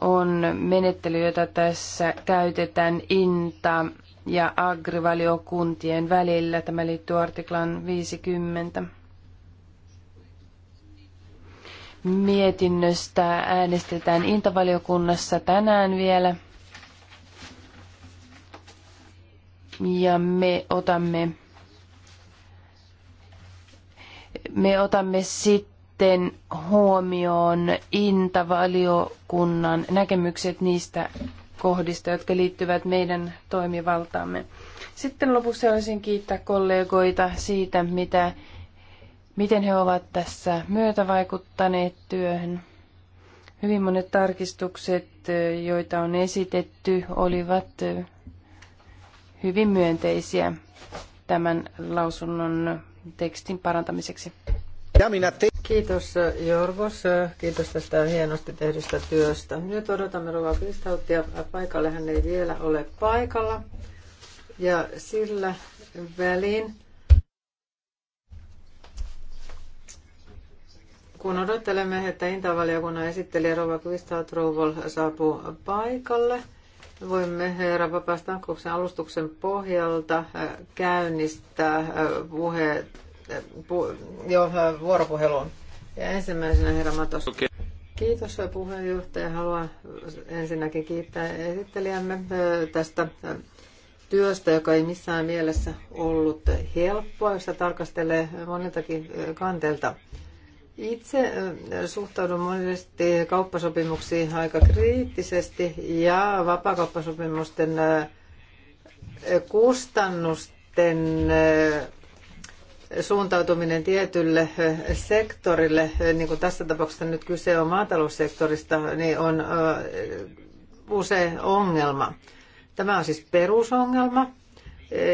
on menettely, jota tässä käytetään INTA ja agrivaliokuntien välillä. Tämä liittyy artiklan 50 mietinnöstä äänestetään intavaliokunnassa tänään vielä. Ja me otamme, me otamme sitten huomioon intavaliokunnan näkemykset niistä kohdista, jotka liittyvät meidän toimivaltaamme. Sitten lopuksi haluaisin kiittää kollegoita siitä, mitä miten he ovat tässä myötävaikuttaneet työhön. Hyvin monet tarkistukset, joita on esitetty, olivat hyvin myönteisiä tämän lausunnon tekstin parantamiseksi. Kiitos Jorvos, kiitos tästä hienosti tehdystä työstä. Nyt odotamme Rova Kristauttia paikalle, hän ei vielä ole paikalla. Ja sillä välin Kun odottelemme, että Intavaliokunnan esittelijä Rova Kvistat Rouvol saapuu paikalle, voimme herra Papastankuksen alustuksen pohjalta äh, käynnistää äh, puhe, äh, pu, jo, vuoropuhelun. Ja ensimmäisenä herra Matos. Okay. Kiitos puheenjohtaja. Haluan ensinnäkin kiittää esittelijämme tästä työstä, joka ei missään mielessä ollut helppoa, jossa tarkastelee moniltakin kantelta. Itse eh, suhtaudun monesti kauppasopimuksiin aika kriittisesti ja vapaakauppasopimusten eh, kustannusten eh, suuntautuminen tietylle sektorille, niin kuin tässä tapauksessa nyt kyse on maataloussektorista, niin on usein ongelma. Tämä on siis perusongelma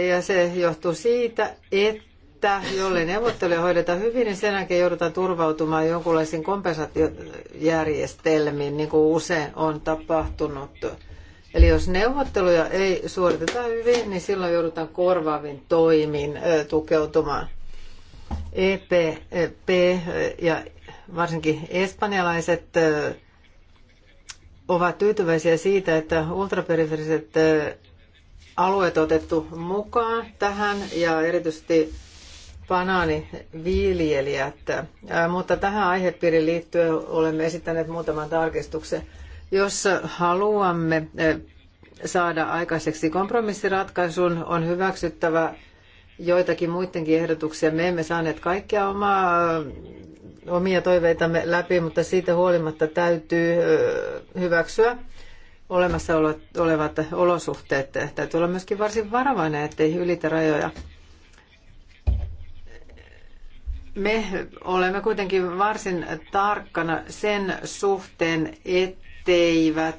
ja se johtuu siitä, että että jollei neuvotteluja hoideta hyvin, niin sen jälkeen joudutaan turvautumaan jonkinlaisiin kompensaatiojärjestelmiin, niin kuin usein on tapahtunut. Eli jos neuvotteluja ei suoriteta hyvin, niin silloin joudutaan korvaaviin toimiin tukeutumaan. EPP ja varsinkin espanjalaiset ovat tyytyväisiä siitä, että ultraperiferiset alueet otettu mukaan tähän ja erityisesti banaaniviljelijät. Mutta tähän aihepiiriin liittyen olemme esittäneet muutaman tarkistuksen. Jos haluamme saada aikaiseksi kompromissiratkaisun, on hyväksyttävä joitakin muidenkin ehdotuksia. Me emme saaneet kaikkia omaa, omia toiveitamme läpi, mutta siitä huolimatta täytyy hyväksyä olemassa olevat olosuhteet. Täytyy olla myöskin varsin varovainen, ettei ylitä rajoja. Me olemme kuitenkin varsin tarkkana sen suhteen, etteivät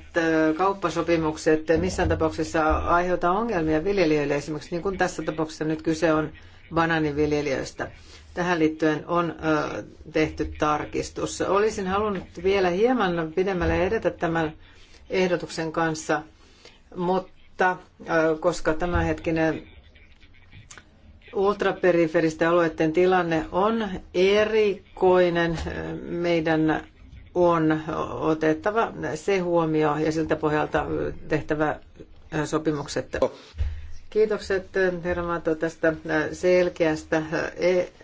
kauppasopimukset missään tapauksessa aiheuta ongelmia viljelijöille, esimerkiksi niin kuin tässä tapauksessa nyt kyse on banaaniviljelijöistä. Tähän liittyen on tehty tarkistus. Olisin halunnut vielä hieman pidemmälle edetä tämän ehdotuksen kanssa, mutta koska tämänhetkinen ultraperiferisten alueiden tilanne on erikoinen. Meidän on otettava se huomio ja siltä pohjalta tehtävä sopimukset. Kiitokset herra Mato tästä selkeästä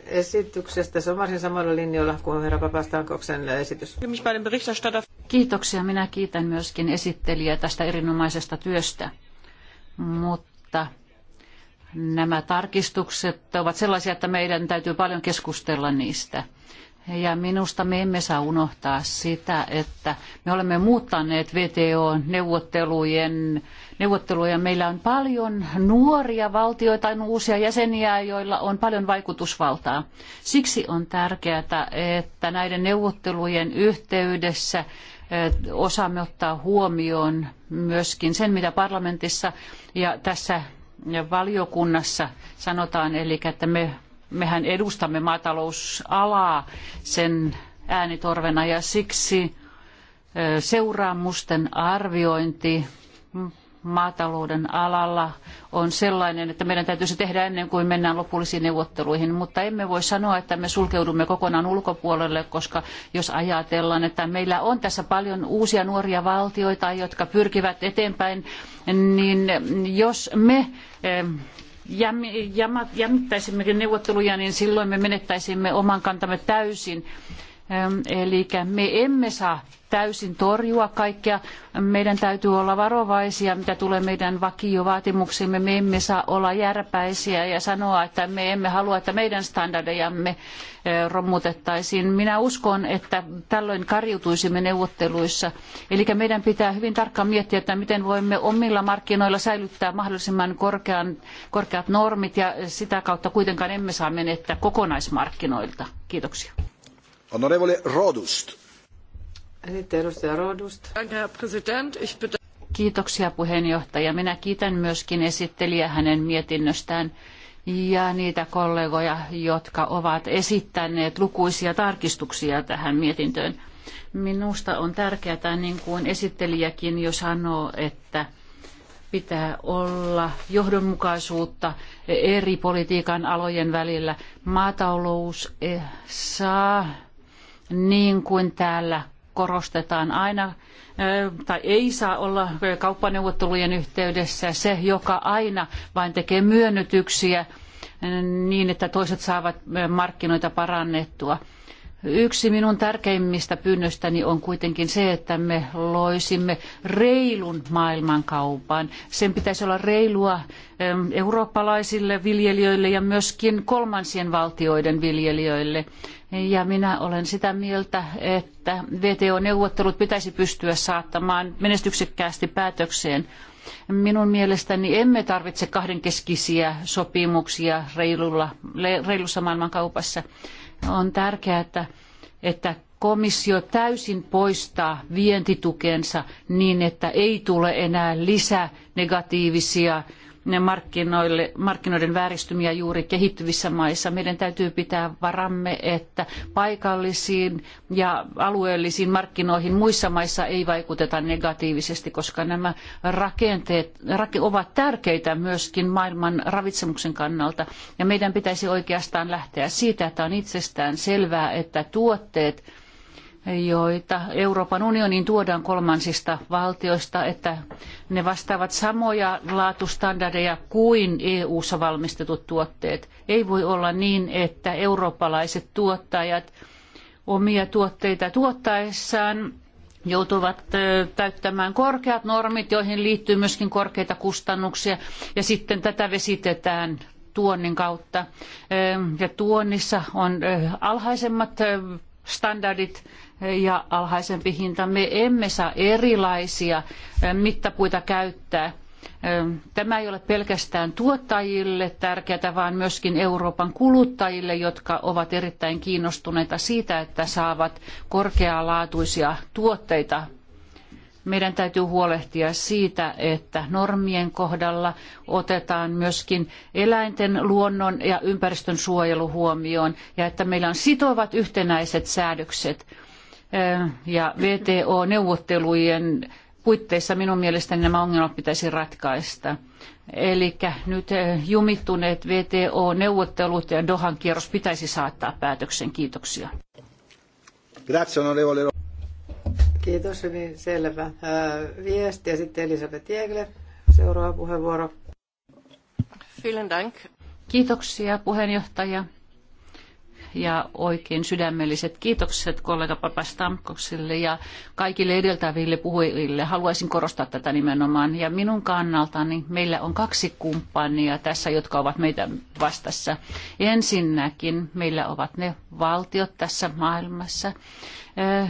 esityksestä. Se on varsin samalla linjoilla kuin herra Papastankoksen esitys. Kiitoksia. Minä kiitän myöskin esittelijää tästä erinomaisesta työstä. Mutta Nämä tarkistukset ovat sellaisia, että meidän täytyy paljon keskustella niistä. Ja minusta me emme saa unohtaa sitä, että me olemme muuttaneet VTO-neuvottelujen neuvotteluja. Meillä on paljon nuoria valtioita, on uusia jäseniä, joilla on paljon vaikutusvaltaa. Siksi on tärkeää, että näiden neuvottelujen yhteydessä e, osaamme ottaa huomioon myöskin sen, mitä parlamentissa ja tässä valiokunnassa sanotaan, eli että me, mehän edustamme maatalousalaa sen äänitorvena ja siksi seuraamusten arviointi maatalouden alalla on sellainen, että meidän täytyy se tehdä ennen kuin mennään lopullisiin neuvotteluihin, mutta emme voi sanoa, että me sulkeudumme kokonaan ulkopuolelle, koska jos ajatellaan, että meillä on tässä paljon uusia nuoria valtioita, jotka pyrkivät eteenpäin, niin jos me eh, jämittäisimme neuvotteluja, niin silloin me menettäisimme oman kantamme täysin. Eli me emme saa täysin torjua kaikkea. Meidän täytyy olla varovaisia, mitä tulee meidän vakiovaatimuksiimme. Me emme saa olla järpäisiä ja sanoa, että me emme halua, että meidän standardejamme eh, romutettaisiin. Minä uskon, että tällöin karjutuisimme neuvotteluissa. Eli meidän pitää hyvin tarkkaan miettiä, että miten voimme omilla markkinoilla säilyttää mahdollisimman korkean, korkeat normit ja sitä kautta kuitenkaan emme saa menettää kokonaismarkkinoilta. Kiitoksia. Honorevole Rodust. Sitten edustaja Kiitoksia puheenjohtaja. Minä kiitän myöskin esittelijä hänen mietinnöstään ja niitä kollegoja, jotka ovat esittäneet lukuisia tarkistuksia tähän mietintöön. Minusta on tärkeää, niin kuin esittelijäkin jo sanoo, että pitää olla johdonmukaisuutta eri politiikan alojen välillä. Maatalous eh, saa, niin kuin täällä korostetaan aina tai ei saa olla kauppaneuvottelujen yhteydessä se, joka aina vain tekee myönnytyksiä niin, että toiset saavat markkinoita parannettua. Yksi minun tärkeimmistä pyynnöstäni on kuitenkin se, että me loisimme reilun maailmankaupan. Sen pitäisi olla reilua eurooppalaisille viljelijöille ja myöskin kolmansien valtioiden viljelijöille. Ja minä olen sitä mieltä, että VTO-neuvottelut pitäisi pystyä saattamaan menestyksekkäästi päätökseen. Minun mielestäni emme tarvitse kahdenkeskisiä sopimuksia reilulla, reilussa maailmankaupassa on tärkeää, että, että komissio täysin poistaa vientitukensa niin, että ei tule enää lisää negatiivisia markkinoille, markkinoiden vääristymiä juuri kehittyvissä maissa. Meidän täytyy pitää varamme, että paikallisiin ja alueellisiin markkinoihin muissa maissa ei vaikuteta negatiivisesti, koska nämä rakenteet ovat tärkeitä myöskin maailman ravitsemuksen kannalta. Ja meidän pitäisi oikeastaan lähteä siitä, että on itsestään selvää, että tuotteet, joita Euroopan unioniin tuodaan kolmansista valtioista, että ne vastaavat samoja laatustandardeja kuin EU-ssa valmistetut tuotteet. Ei voi olla niin, että eurooppalaiset tuottajat omia tuotteita tuottaessaan joutuvat täyttämään korkeat normit, joihin liittyy myöskin korkeita kustannuksia, ja sitten tätä vesitetään tuonnin kautta. Ja tuonnissa on alhaisemmat standardit ja alhaisempi hinta. Me emme saa erilaisia mittapuita käyttää. Tämä ei ole pelkästään tuottajille tärkeää, vaan myöskin Euroopan kuluttajille, jotka ovat erittäin kiinnostuneita siitä, että saavat korkealaatuisia tuotteita. Meidän täytyy huolehtia siitä, että normien kohdalla otetaan myöskin eläinten, luonnon ja ympäristön suojelu huomioon ja että meillä on sitovat yhtenäiset säädökset ja VTO-neuvottelujen puitteissa minun mielestäni nämä ongelmat pitäisi ratkaista. Eli nyt jumittuneet VTO-neuvottelut ja Dohan kierros pitäisi saattaa päätöksen. Kiitoksia. Kiitos, hyvin niin selvä viesti. Ja sitten Elisabeth Jägle, seuraava puheenvuoro. Vielen dank. Kiitoksia puheenjohtaja ja oikein sydämelliset kiitokset kollega Papastamkokselle ja kaikille edeltäville puhujille. Haluaisin korostaa tätä nimenomaan. Ja minun kannaltani meillä on kaksi kumppania tässä, jotka ovat meitä vastassa. Ensinnäkin meillä ovat ne valtiot tässä maailmassa, eh,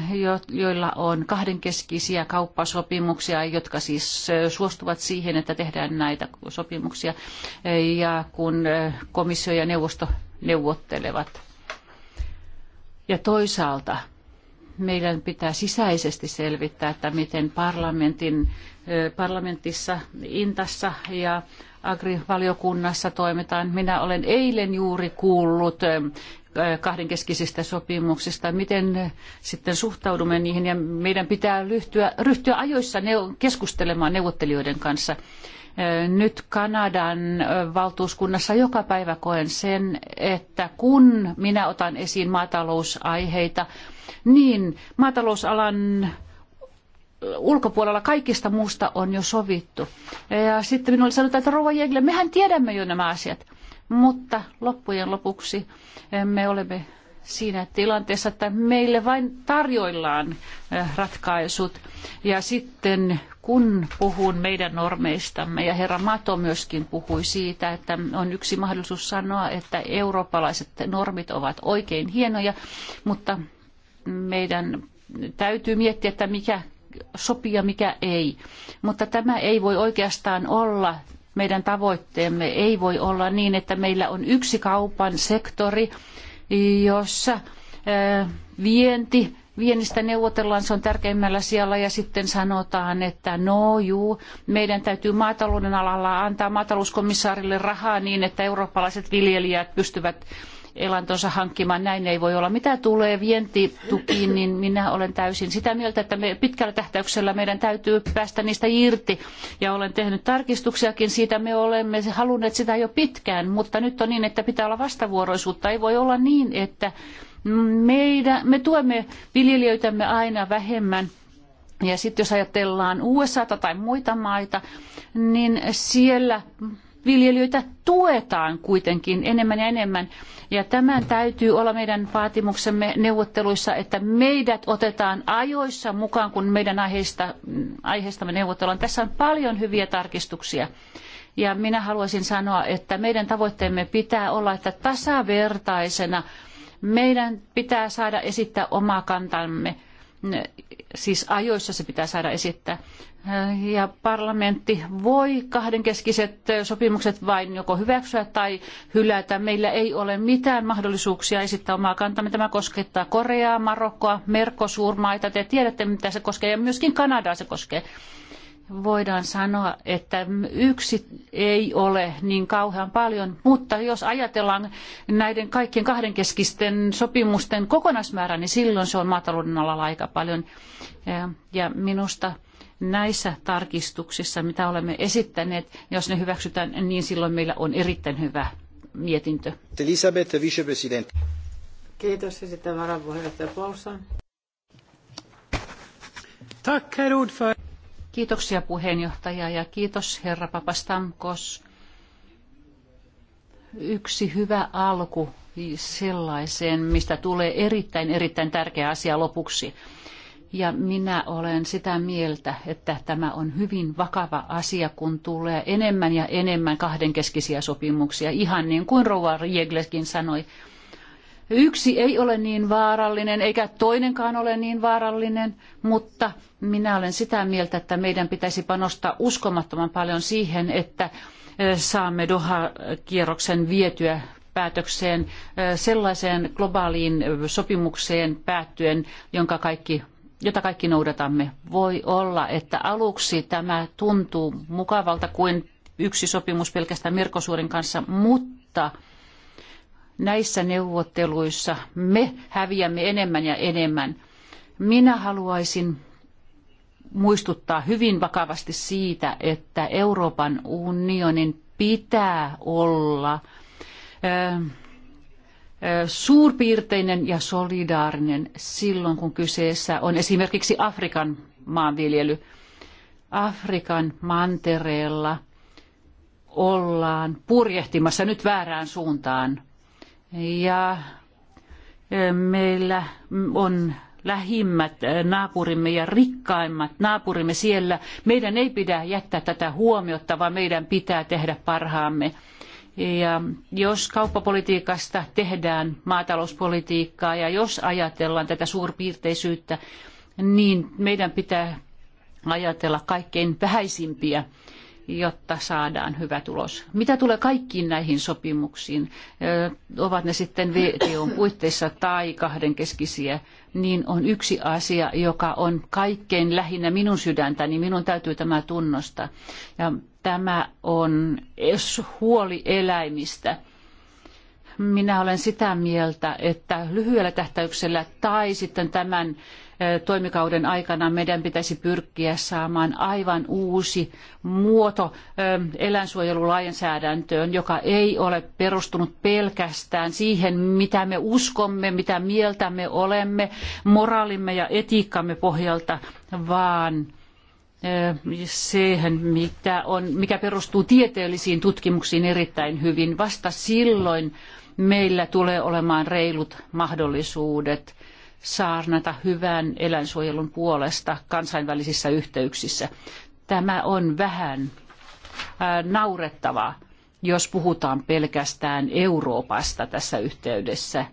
joilla on kahdenkeskisiä kauppasopimuksia, jotka siis eh, suostuvat siihen, että tehdään näitä sopimuksia. Eh, ja kun komissio ja neuvosto neuvottelevat ja toisaalta meidän pitää sisäisesti selvittää, että miten parlamentin, parlamentissa, Intassa ja Agri-valiokunnassa toimitaan. Minä olen eilen juuri kuullut kahdenkeskisistä sopimuksista, miten sitten suhtaudumme niihin ja meidän pitää ryhtyä, ryhtyä ajoissa keskustelemaan neuvottelijoiden kanssa. Nyt Kanadan valtuuskunnassa joka päivä koen sen, että kun minä otan esiin maatalousaiheita, niin maatalousalan ulkopuolella kaikista muusta on jo sovittu. Ja sitten minulle sanotaan, että rouva Jegle, mehän tiedämme jo nämä asiat, mutta loppujen lopuksi me olemme siinä tilanteessa, että meille vain tarjoillaan ratkaisut. Ja sitten kun puhun meidän normeistamme, ja herra Mato myöskin puhui siitä, että on yksi mahdollisuus sanoa, että eurooppalaiset normit ovat oikein hienoja, mutta meidän täytyy miettiä, että mikä sopii ja mikä ei. Mutta tämä ei voi oikeastaan olla meidän tavoitteemme. Ei voi olla niin, että meillä on yksi kaupan sektori, jossa vienti, viennistä neuvotellaan, se on tärkeimmällä sijalla ja sitten sanotaan, että no juu, meidän täytyy maatalouden alalla antaa maatalouskomissaarille rahaa niin, että eurooppalaiset viljelijät pystyvät elantonsa hankkimaan. Näin ei voi olla. Mitä tulee vientitukiin, niin minä olen täysin sitä mieltä, että me pitkällä tähtäyksellä meidän täytyy päästä niistä irti. Ja olen tehnyt tarkistuksiakin siitä. Me olemme halunneet sitä jo pitkään, mutta nyt on niin, että pitää olla vastavuoroisuutta. Ei voi olla niin, että meidän, me tuemme viljelijöitämme aina vähemmän ja sitten jos ajatellaan USA tai muita maita, niin siellä viljelijöitä tuetaan kuitenkin enemmän ja enemmän. Ja tämän täytyy olla meidän vaatimuksemme neuvotteluissa, että meidät otetaan ajoissa mukaan, kun meidän aiheista, aiheistamme neuvotellaan. Tässä on paljon hyviä tarkistuksia. Ja minä haluaisin sanoa, että meidän tavoitteemme pitää olla, että tasavertaisena meidän pitää saada esittää oma kantamme. Siis ajoissa se pitää saada esittää ja parlamentti voi kahdenkeskiset sopimukset vain joko hyväksyä tai hylätä. Meillä ei ole mitään mahdollisuuksia esittää omaa kantamme. Tämä koskettaa Koreaa, Marokkoa, Merkosuurmaita. Te tiedätte, mitä se koskee ja myöskin Kanadaa se koskee. Voidaan sanoa, että yksi ei ole niin kauhean paljon, mutta jos ajatellaan näiden kaikkien kahdenkeskisten sopimusten kokonaismäärää, niin silloin se on maatalouden alalla aika paljon. Ja minusta näissä tarkistuksissa, mitä olemme esittäneet, jos ne hyväksytään, niin silloin meillä on erittäin hyvä mietintö. Elisabeth, vicepresident. Kiitos ja sitten varapuheenjohtaja Paulson. Tack, herr Kiitoksia puheenjohtaja ja kiitos herra Papastamkos. Yksi hyvä alku sellaiseen, mistä tulee erittäin, erittäin tärkeä asia lopuksi. Ja minä olen sitä mieltä, että tämä on hyvin vakava asia, kun tulee enemmän ja enemmän kahdenkeskisiä sopimuksia, ihan niin kuin Rouva Jegleskin sanoi. Yksi ei ole niin vaarallinen, eikä toinenkaan ole niin vaarallinen, mutta minä olen sitä mieltä, että meidän pitäisi panostaa uskomattoman paljon siihen, että saamme Doha-kierroksen vietyä päätökseen sellaiseen globaaliin sopimukseen päättyen, jonka kaikki jota kaikki noudatamme. Voi olla, että aluksi tämä tuntuu mukavalta kuin yksi sopimus pelkästään Merkosuurin kanssa, mutta näissä neuvotteluissa me häviämme enemmän ja enemmän. Minä haluaisin muistuttaa hyvin vakavasti siitä, että Euroopan unionin pitää olla ö, suurpiirteinen ja solidaarinen silloin, kun kyseessä on esimerkiksi Afrikan maanviljely. Afrikan mantereella ollaan purjehtimassa nyt väärään suuntaan. Ja meillä on lähimmät naapurimme ja rikkaimmat naapurimme siellä. Meidän ei pidä jättää tätä huomiota, vaan meidän pitää tehdä parhaamme ja jos kauppapolitiikasta tehdään maatalouspolitiikkaa ja jos ajatellaan tätä suurpiirteisyyttä, niin meidän pitää ajatella kaikkein vähäisimpiä, jotta saadaan hyvä tulos. Mitä tulee kaikkiin näihin sopimuksiin, ovat ne sitten VTOn puitteissa tai kahdenkeskisiä, niin on yksi asia, joka on kaikkein lähinnä minun sydäntäni, minun täytyy tämä tunnosta. Ja tämä on huoli eläimistä. Minä olen sitä mieltä, että lyhyellä tähtäyksellä tai sitten tämän toimikauden aikana meidän pitäisi pyrkiä saamaan aivan uusi muoto eläinsuojelulainsäädäntöön, joka ei ole perustunut pelkästään siihen, mitä me uskomme, mitä mieltä me olemme, moraalimme ja etiikkamme pohjalta, vaan siihen, on, mikä perustuu tieteellisiin tutkimuksiin erittäin hyvin. Vasta silloin meillä tulee olemaan reilut mahdollisuudet saarnata hyvän eläinsuojelun puolesta kansainvälisissä yhteyksissä. Tämä on vähän naurettavaa, jos puhutaan pelkästään Euroopasta tässä yhteydessä –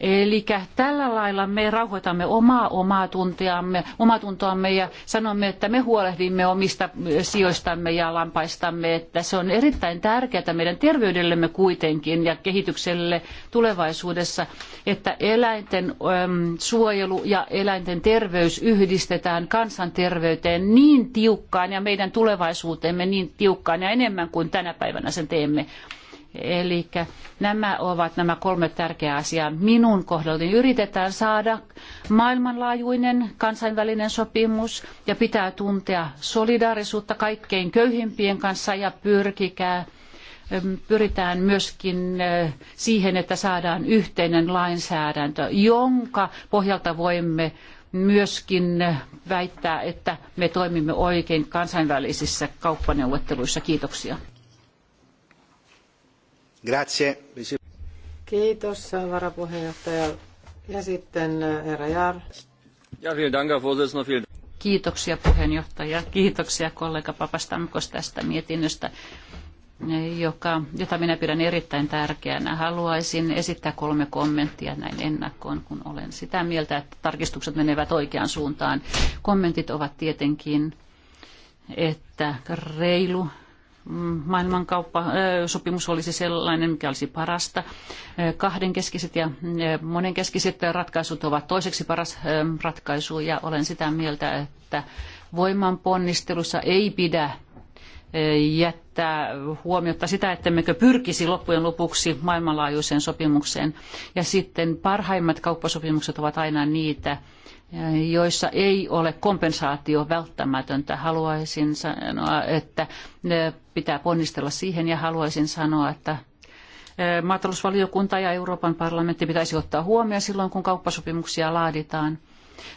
Eli tällä lailla me rauhoitamme omaa omaa tuntiamme, omaa tuntoamme ja sanomme, että me huolehdimme omista sijoistamme ja lampaistamme, että se on erittäin tärkeää meidän terveydellemme kuitenkin ja kehitykselle tulevaisuudessa, että eläinten ähm, suojelu ja eläinten terveys yhdistetään kansanterveyteen niin tiukkaan ja meidän tulevaisuuteemme niin tiukkaan ja enemmän kuin tänä päivänä sen teemme. Eli nämä ovat nämä kolme tärkeää asiaa minun kohdallani. Yritetään saada maailmanlaajuinen kansainvälinen sopimus ja pitää tuntea solidaarisuutta kaikkein köyhimpien kanssa ja pyrkikää pyritään myöskin eh, siihen, että saadaan yhteinen lainsäädäntö, jonka pohjalta voimme myöskin eh, väittää, että me toimimme oikein kansainvälisissä kauppaneuvotteluissa. Kiitoksia. Grazie. Kiitos varapuheenjohtaja. Ja sitten eh, herra Ja, vielä Kiitoksia puheenjohtaja. Kiitoksia kollega Papastamkos tästä mietinnöstä, joka, jota minä pidän erittäin tärkeänä. Haluaisin esittää kolme kommenttia näin ennakkoon, kun olen sitä mieltä, että tarkistukset menevät oikeaan suuntaan. Kommentit ovat tietenkin, että reilu maailmankauppasopimus olisi sellainen, mikä olisi parasta. Kahdenkeskiset ja monenkeskiset ratkaisut ovat toiseksi paras ratkaisu ja olen sitä mieltä, että voimanponnistelussa ei pidä jättää huomiota sitä, ettemmekö pyrkisi loppujen lopuksi maailmanlaajuiseen sopimukseen. Ja sitten parhaimmat kauppasopimukset ovat aina niitä, joissa ei ole kompensaatio välttämätöntä. Haluaisin sanoa, että eh, pitää ponnistella siihen ja haluaisin sanoa, että eh, maatalousvaliokunta ja Euroopan parlamentti pitäisi ottaa huomioon silloin, kun kauppasopimuksia laaditaan.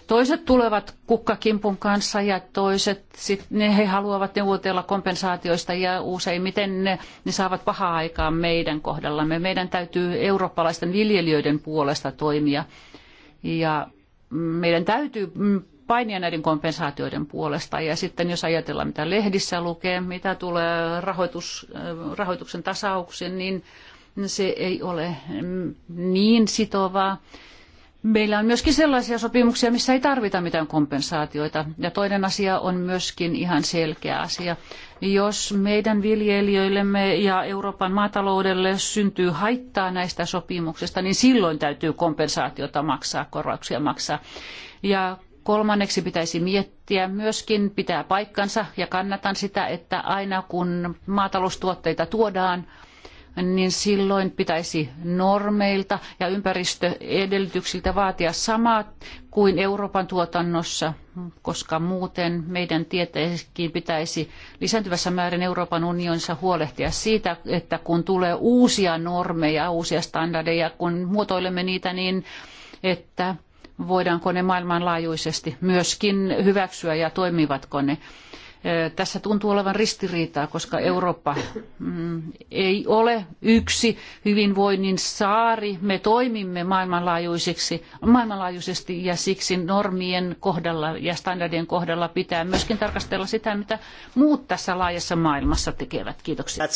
Toiset tulevat kukkakimpun kanssa ja toiset sit, ne, he haluavat neuvotella kompensaatioista ja useimmiten ne, ne saavat pahaa aikaa meidän kohdallamme. Meidän täytyy eurooppalaisten viljelijöiden puolesta toimia ja meidän täytyy painia näiden kompensaatioiden puolesta. Ja sitten jos ajatellaan, mitä lehdissä lukee, mitä tulee rahoitus, äh, rahoituksen tasauksiin, niin se ei ole mm, niin sitovaa. Meillä on myöskin sellaisia sopimuksia, missä ei tarvita mitään kompensaatioita. Ja toinen asia on myöskin ihan selkeä asia. Jos meidän viljelijöillemme ja Euroopan maataloudelle syntyy haittaa näistä sopimuksista, niin silloin täytyy kompensaatiota maksaa, korvauksia maksaa. Ja kolmanneksi pitäisi miettiä myöskin, pitää paikkansa ja kannatan sitä, että aina kun maataloustuotteita tuodaan, niin silloin pitäisi normeilta ja ympäristöedellytyksiltä vaatia samaa kuin Euroopan tuotannossa, koska muuten meidän tietenkin pitäisi lisääntyvässä määrin Euroopan unionissa huolehtia siitä, että kun tulee uusia normeja, uusia standardeja, kun muotoilemme niitä, niin että voidaanko ne maailmanlaajuisesti myöskin hyväksyä ja toimivatko ne. Tässä tuntuu olevan ristiriitaa, koska Eurooppa mm, ei ole yksi hyvinvoinnin saari. Me toimimme maailmanlaajuisiksi, maailmanlaajuisesti ja siksi normien kohdalla ja standardien kohdalla pitää myöskin tarkastella sitä, mitä muut tässä laajassa maailmassa tekevät. Kiitoksia.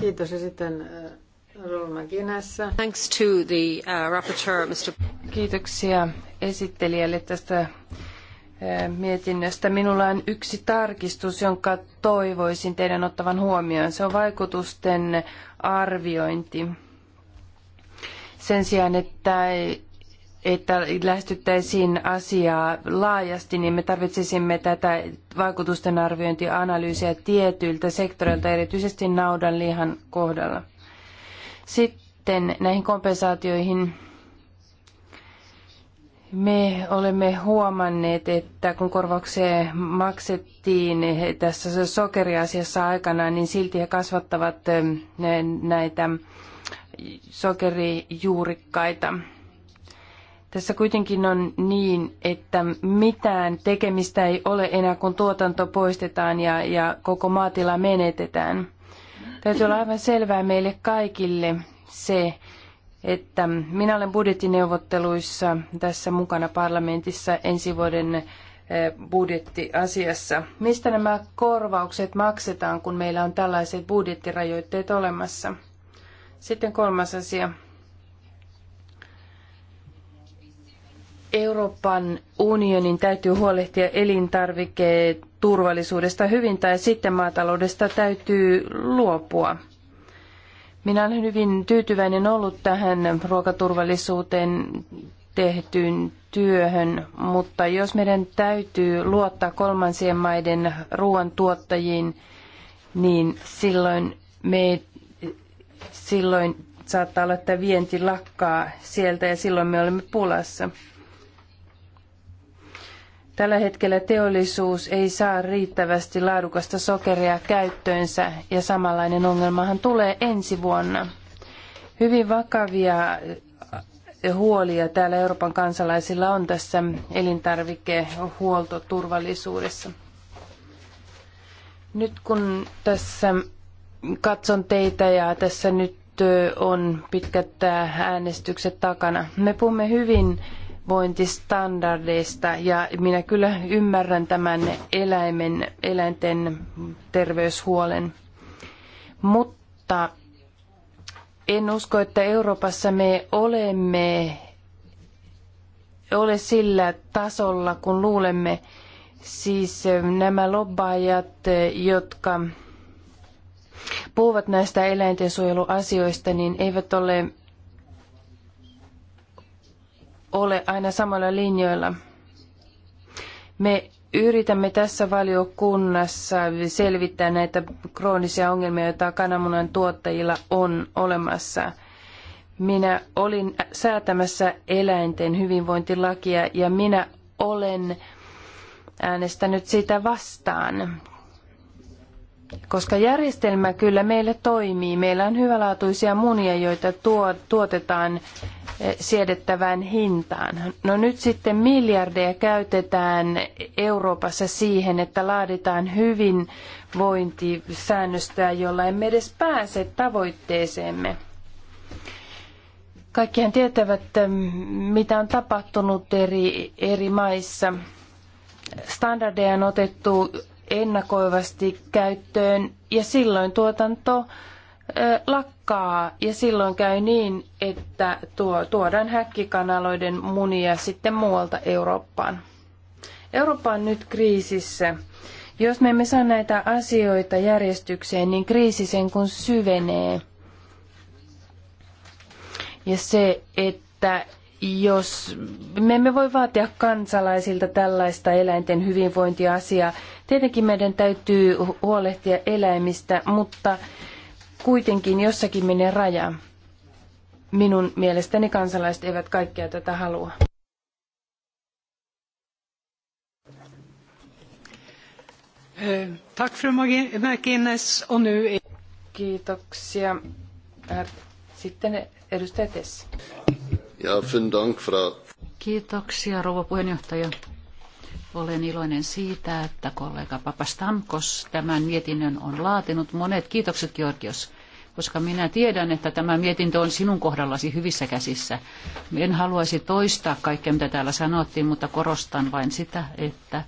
Kiitos ja sitten äh, Thanks to the, uh, rapporteur, Mr. Kiitoksia esittelijälle tästä Eh, mietinnöstä. Minulla on yksi tarkistus, jonka toivoisin teidän ottavan huomioon. Se on vaikutusten arviointi. Sen sijaan, että, että lähestyttäisiin asiaa laajasti, niin me tarvitsisimme tätä vaikutusten arviointianalyysiä tietyiltä sektoreilta, erityisesti naudanlihan kohdalla. Sitten näihin kompensaatioihin me olemme huomanneet, että kun korvauksia maksettiin tässä sokeriasiassa aikana, niin silti he kasvattavat näitä sokerijuurikkaita. Tässä kuitenkin on niin, että mitään tekemistä ei ole enää, kun tuotanto poistetaan ja, ja koko maatila menetetään. Täytyy olla aivan selvää meille kaikille se, että minä olen budjettineuvotteluissa tässä mukana parlamentissa ensi vuoden eh, budjettiasiassa. Mistä nämä korvaukset maksetaan, kun meillä on tällaiset budjettirajoitteet olemassa? Sitten kolmas asia. Euroopan unionin täytyy huolehtia elintarviketurvallisuudesta hyvin tai sitten maataloudesta täytyy luopua. Minä olen hyvin tyytyväinen ollut tähän ruokaturvallisuuteen tehtyyn työhön, mutta jos meidän täytyy luottaa kolmansien maiden ruoantuottajiin, niin silloin, me, silloin saattaa olla, että vienti lakkaa sieltä ja silloin me olemme pulassa. Tällä hetkellä teollisuus ei saa riittävästi laadukasta sokeria käyttöönsä ja samanlainen ongelmahan tulee ensi vuonna. Hyvin vakavia huolia täällä Euroopan kansalaisilla on tässä elintarvikehuoltoturvallisuudessa. Nyt kun tässä katson teitä ja tässä nyt on pitkät äänestykset takana. Me puhumme hyvin hyvinvointistandardeista ja minä kyllä ymmärrän tämän eläimen, eläinten terveyshuolen. Mutta en usko, että Euroopassa me olemme ole sillä tasolla, kun luulemme. Siis nämä lobbaajat, jotka puhuvat näistä eläintensuojeluasioista, niin eivät ole ole aina samalla linjoilla. Me yritämme tässä valiokunnassa selvittää näitä kroonisia ongelmia, joita kananmunan tuottajilla on olemassa. Minä olin säätämässä eläinten hyvinvointilakia ja minä olen äänestänyt sitä vastaan. Koska järjestelmä kyllä meillä toimii. Meillä on hyvälaatuisia munia, joita tuo, tuotetaan Eh, siedettävään hintaan. No nyt sitten miljardeja käytetään Euroopassa siihen, että laaditaan hyvinvointisäännöstöä, jolla emme edes pääse tavoitteeseemme. Kaikkihan tietävät, eh, mitä on tapahtunut eri, eri maissa. Standardeja on otettu ennakoivasti käyttöön ja silloin tuotanto lakkaa ja silloin käy niin, että tuo, tuodaan häkkikanaloiden munia sitten muualta Eurooppaan. Eurooppa on nyt kriisissä. Jos me emme saa näitä asioita järjestykseen, niin kriisi sen kun syvenee. Ja se, että jos me emme voi vaatia kansalaisilta tällaista eläinten hyvinvointiasiaa, tietenkin meidän täytyy huolehtia eläimistä, mutta kuitenkin jossakin menee raja. Minun mielestäni kansalaiset eivät kaikkea tätä halua. Eh, tack fru Mäkines och nu... Kiitoksia. Sitten edustaja Tess. Ja, Kiitoksia rouva puheenjohtaja. Olen iloinen siitä, että kollega Papastamkos tämän mietinnön on laatinut. Monet kiitokset Georgios, koska minä tiedän, että tämä mietintö on sinun kohdallasi hyvissä käsissä. En haluaisi toistaa kaikkea, mitä täällä sanottiin, mutta korostan vain sitä, että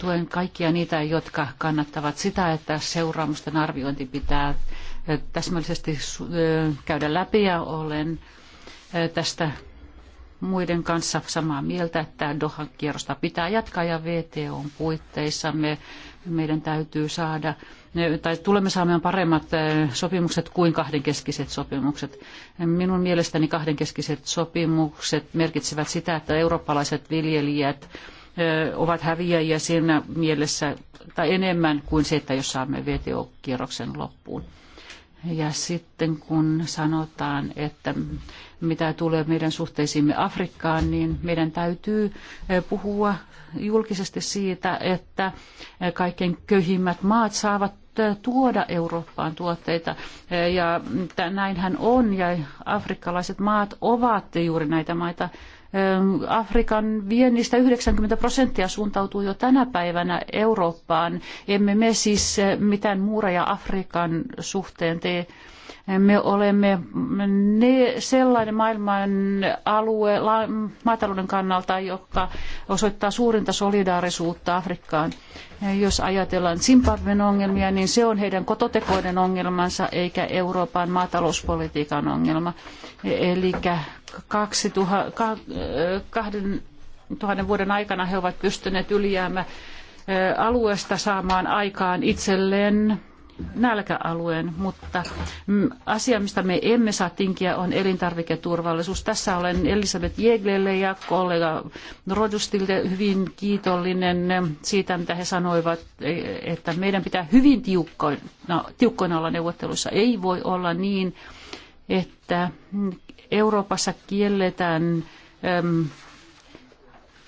tuen kaikkia niitä, jotka kannattavat sitä, että seuraamusten arviointi pitää täsmällisesti käydä läpi ja olen tästä muiden kanssa samaa mieltä, että Dohan kierrosta pitää jatkaa ja on puitteissa me, meidän täytyy saada, tai tulemme saamaan paremmat eh, sopimukset kuin kahdenkeskiset sopimukset. Minun mielestäni kahdenkeskiset sopimukset merkitsevät sitä, että eurooppalaiset viljelijät eh, ovat häviäjiä siinä mielessä tai enemmän kuin se, että jos saamme VTO-kierroksen loppuun. Ja sitten kun sanotaan, että mitä tulee meidän suhteisiimme Afrikkaan, niin meidän täytyy eh, puhua julkisesti siitä, että eh, kaiken köyhimmät maat saavat eh, tuoda Eurooppaan tuotteita. Ja näinhän on, ja afrikkalaiset maat ovat juuri näitä maita, Ehm, Afrikan viennistä 90 prosenttia suuntautuu jo tänä päivänä Eurooppaan. Emme me siis eh, mitään muureja Afrikan suhteen tee. Me olemme ne, sellainen maailman alue la, maatalouden kannalta, joka osoittaa suurinta solidaarisuutta Afrikkaan. Eh, jos ajatellaan Zimbabwen ongelmia, niin se on heidän kototekoiden ongelmansa eikä Euroopan maatalouspolitiikan ongelma. Eh, Eli 2000 vuoden aikana he ovat pystyneet ylijäämä alueesta saamaan aikaan itselleen nälkäalueen, mutta asia, mistä me emme saa tinkiä, on elintarviketurvallisuus. Tässä olen Elisabeth Jeglelle ja kollega Rodustille hyvin kiitollinen siitä, mitä he sanoivat, e, että meidän pitää hyvin tiukkoina, tiukkoina olla neuvotteluissa. Ei voi olla niin, että Euroopassa kielletään ähm,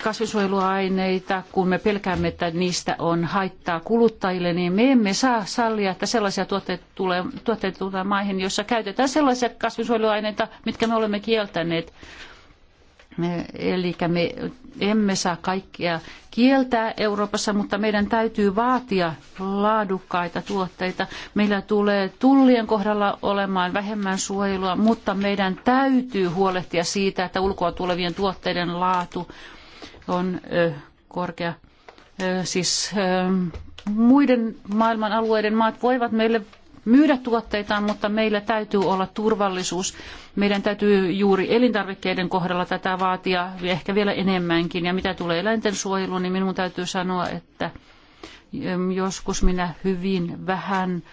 kasvinsuojeluaineita, kun me pelkäämme, että niistä on haittaa kuluttajille, niin me emme saa sallia, että sellaisia tuotteita tulee, tuotteita tulee maihin, joissa käytetään sellaisia kasvinsuojeluaineita, mitkä me olemme kieltäneet. Eli me emme saa kaikkia kieltää Euroopassa, mutta meidän täytyy vaatia laadukkaita tuotteita. Meillä tulee tullien kohdalla olemaan vähemmän suojelua, mutta meidän täytyy huolehtia siitä, että ulkoa tulevien tuotteiden laatu on korkea. Siis muiden maailman alueiden maat voivat meille myydä tuotteitaan, mutta meillä täytyy olla turvallisuus. Meidän täytyy juuri elintarvikkeiden kohdalla tätä vaatia ehkä vielä enemmänkin. Ja mitä tulee eläinten suojeluun, niin minun täytyy sanoa, että joskus minä hyvin vähän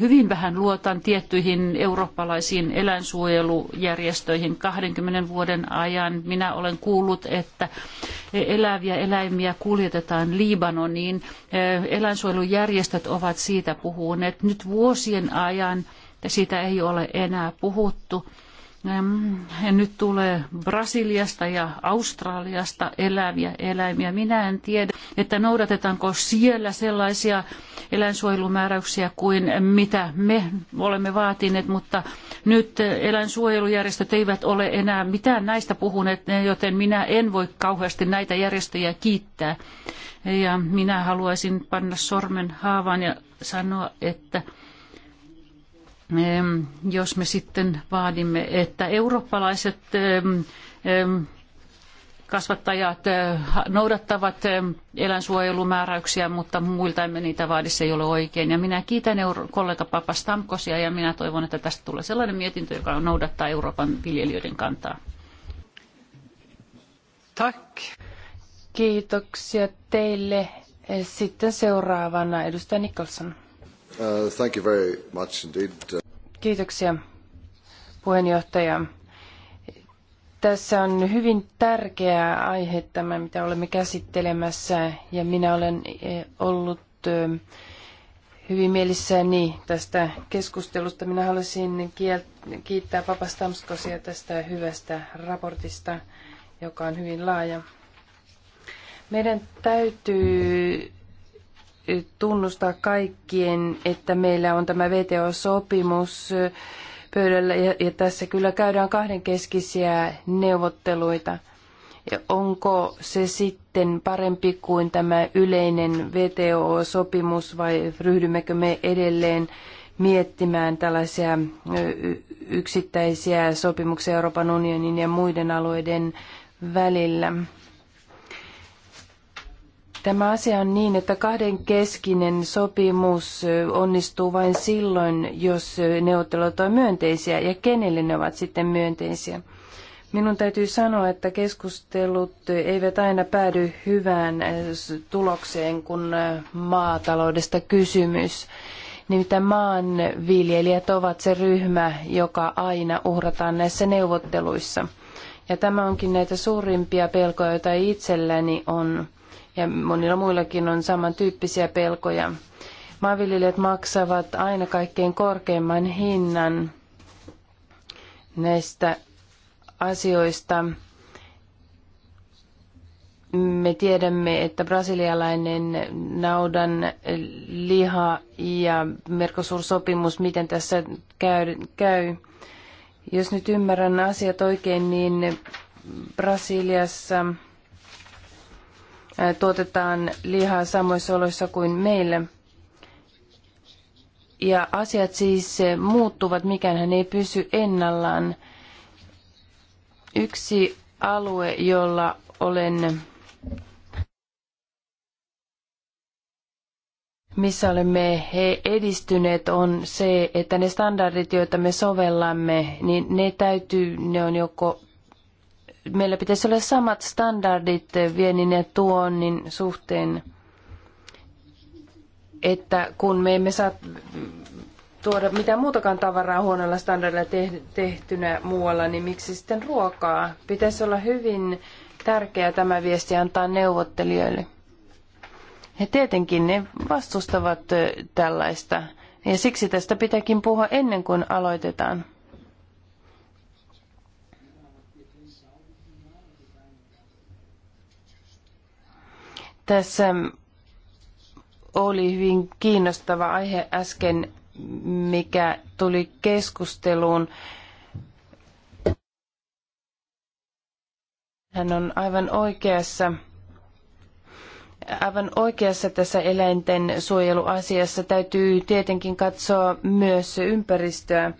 hyvin vähän luotan tiettyihin eurooppalaisiin eläinsuojelujärjestöihin. 20 vuoden ajan minä olen kuullut, että eläviä eläimiä kuljetetaan Libanoniin. Eläinsuojelujärjestöt ovat siitä puhuneet nyt vuosien ajan siitä ei ole enää puhuttu nyt tulee Brasiliasta ja Australiasta eläviä eläimiä. Minä en tiedä, että noudatetaanko siellä sellaisia eläinsuojelumääräyksiä kuin mitä me olemme vaatineet, mutta nyt eläinsuojelujärjestöt eivät ole enää mitään näistä puhuneet, joten minä en voi kauheasti näitä järjestöjä kiittää. Ja minä haluaisin panna sormen haavaan ja sanoa, että jos me sitten vaadimme, että eurooppalaiset kasvattajat eh, noudattavat eläinsuojelumääräyksiä, mutta muilta emme niitä vaadi, se ei ole oikein. Ja minä kiitän kollega Papa Stamkosia ja minä toivon, että tästä tulee sellainen mietintö, joka noudattaa Euroopan viljelijöiden kantaa. Tack. Kiitoksia teille. Sitten seuraavana edustaja Nicholson. Uh, thank you very much indeed. Uh, Kiitoksia puheenjohtaja. Tässä on hyvin tärkeä aihe tämä, mitä olemme käsittelemässä, ja minä olen eh, ollut hyvin mielissäni tästä keskustelusta. Minä haluaisin kiittää Papastamskosia tästä hyvästä raportista, joka on hyvin laaja. Meidän täytyy tunnustaa kaikkien, että meillä on tämä VTO-sopimus pöydällä ja, ja tässä kyllä käydään kahdenkeskisiä neuvotteluita. Ja onko se sitten parempi kuin tämä yleinen VTO-sopimus vai ryhdymmekö me edelleen miettimään tällaisia yksittäisiä sopimuksia Euroopan unionin ja muiden alueiden välillä? Tämä asia on niin, että kahden keskinen sopimus onnistuu vain silloin, jos neuvottelut ovat myönteisiä ja kenelle ne ovat sitten myönteisiä. Minun täytyy sanoa, että keskustelut eivät aina päädy hyvään tulokseen, kun maataloudesta kysymys. Nimittäin maanviljelijät ovat se ryhmä, joka aina uhrataan näissä neuvotteluissa. Ja tämä onkin näitä suurimpia pelkoja, joita itselläni on ja monilla muillakin on samantyyppisiä pelkoja. Maanviljelijät maksavat aina kaikkein korkeimman hinnan näistä asioista. Me tiedämme, että brasilialainen naudan liha ja Mercosur-sopimus, miten tässä käy, käy. Jos nyt ymmärrän asiat oikein, niin Brasiliassa tuotetaan lihaa samoissa oloissa kuin meillä. Ja asiat siis muuttuvat, mikään hän ei pysy ennallaan. Yksi alue, jolla olen missä olemme he edistyneet, on se, että ne standardit, joita me sovellamme, niin ne täytyy, ne on joko meillä pitäisi olla samat standardit viennin ja tuonnin suhteen, että kun me emme saa tuoda mitään muutakaan tavaraa huonolla standardilla tehtynä muualla, niin miksi sitten ruokaa? Pitäisi olla hyvin tärkeää tämä viesti antaa neuvottelijoille. Ja tietenkin ne vastustavat tällaista, ja siksi tästä pitääkin puhua ennen kuin aloitetaan. Tässä oli hyvin kiinnostava aihe äsken, mikä tuli keskusteluun. Hän on aivan oikeassa aivan oikeassa tässä eläinten suojeluasiassa. Täytyy tietenkin katsoa myös ympäristöä.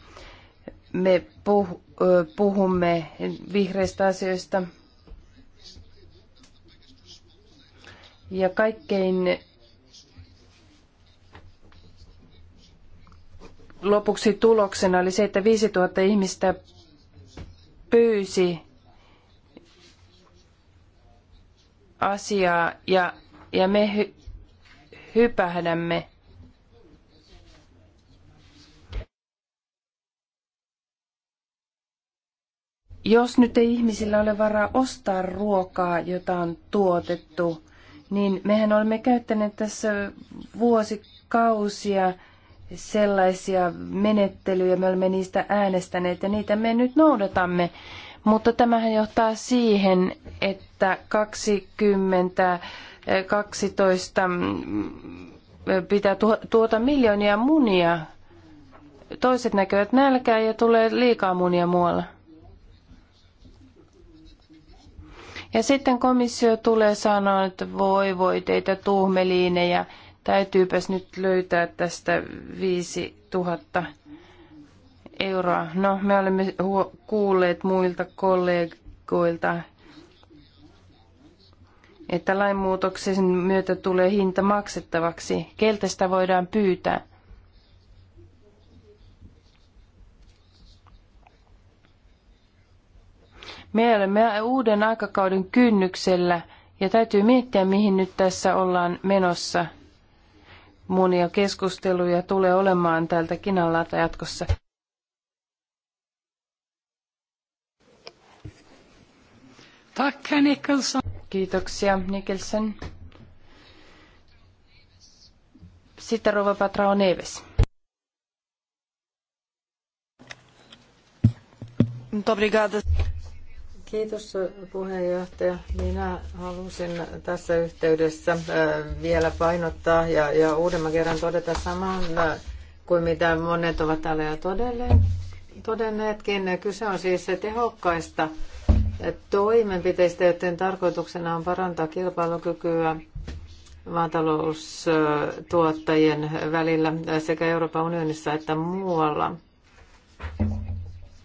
Me puh- puhumme vihreistä asioista. Ja kaikkein lopuksi tuloksena oli se, että 5000 ihmistä pyysi asiaa ja, ja me hy, hypähdämme Jos nyt ei ihmisillä ole varaa ostaa ruokaa, jota on tuotettu, niin mehän olemme käyttäneet tässä vuosikausia sellaisia menettelyjä, me olemme niistä äänestäneet ja niitä me nyt noudatamme. Mutta tämähän johtaa siihen, että 20, 12 mm, pitää tuota miljoonia munia. Toiset näkevät nälkää ja tulee liikaa munia muualla. Ja sitten komissio tulee sanoa, että voi voi teitä tuhmeliinejä, täytyypäs nyt löytää tästä 5000 euroa. No, me olemme kuulleet muilta kollegoilta, että lainmuutoksen myötä tulee hinta maksettavaksi. Keltä sitä voidaan pyytää? Me olemme uuden aikakauden kynnyksellä ja täytyy miettiä, mihin nyt tässä ollaan menossa. Monia keskusteluja tulee olemaan tältäkin alalta jatkossa. Tack, Nicholson. Kiitoksia, Nicholson. Sitten Rova Patrao Neves. Muito obrigada. Kiitos puheenjohtaja. Minä halusin tässä yhteydessä äh, vielä painottaa ja, ja uudemman kerran todeta saman äh, kuin mitä monet ovat täällä jo todenneetkin. Kyse on siis tehokkaista äh, toimenpiteistä, joiden tarkoituksena on parantaa kilpailukykyä maataloustuottajien välillä sekä Euroopan unionissa että muualla.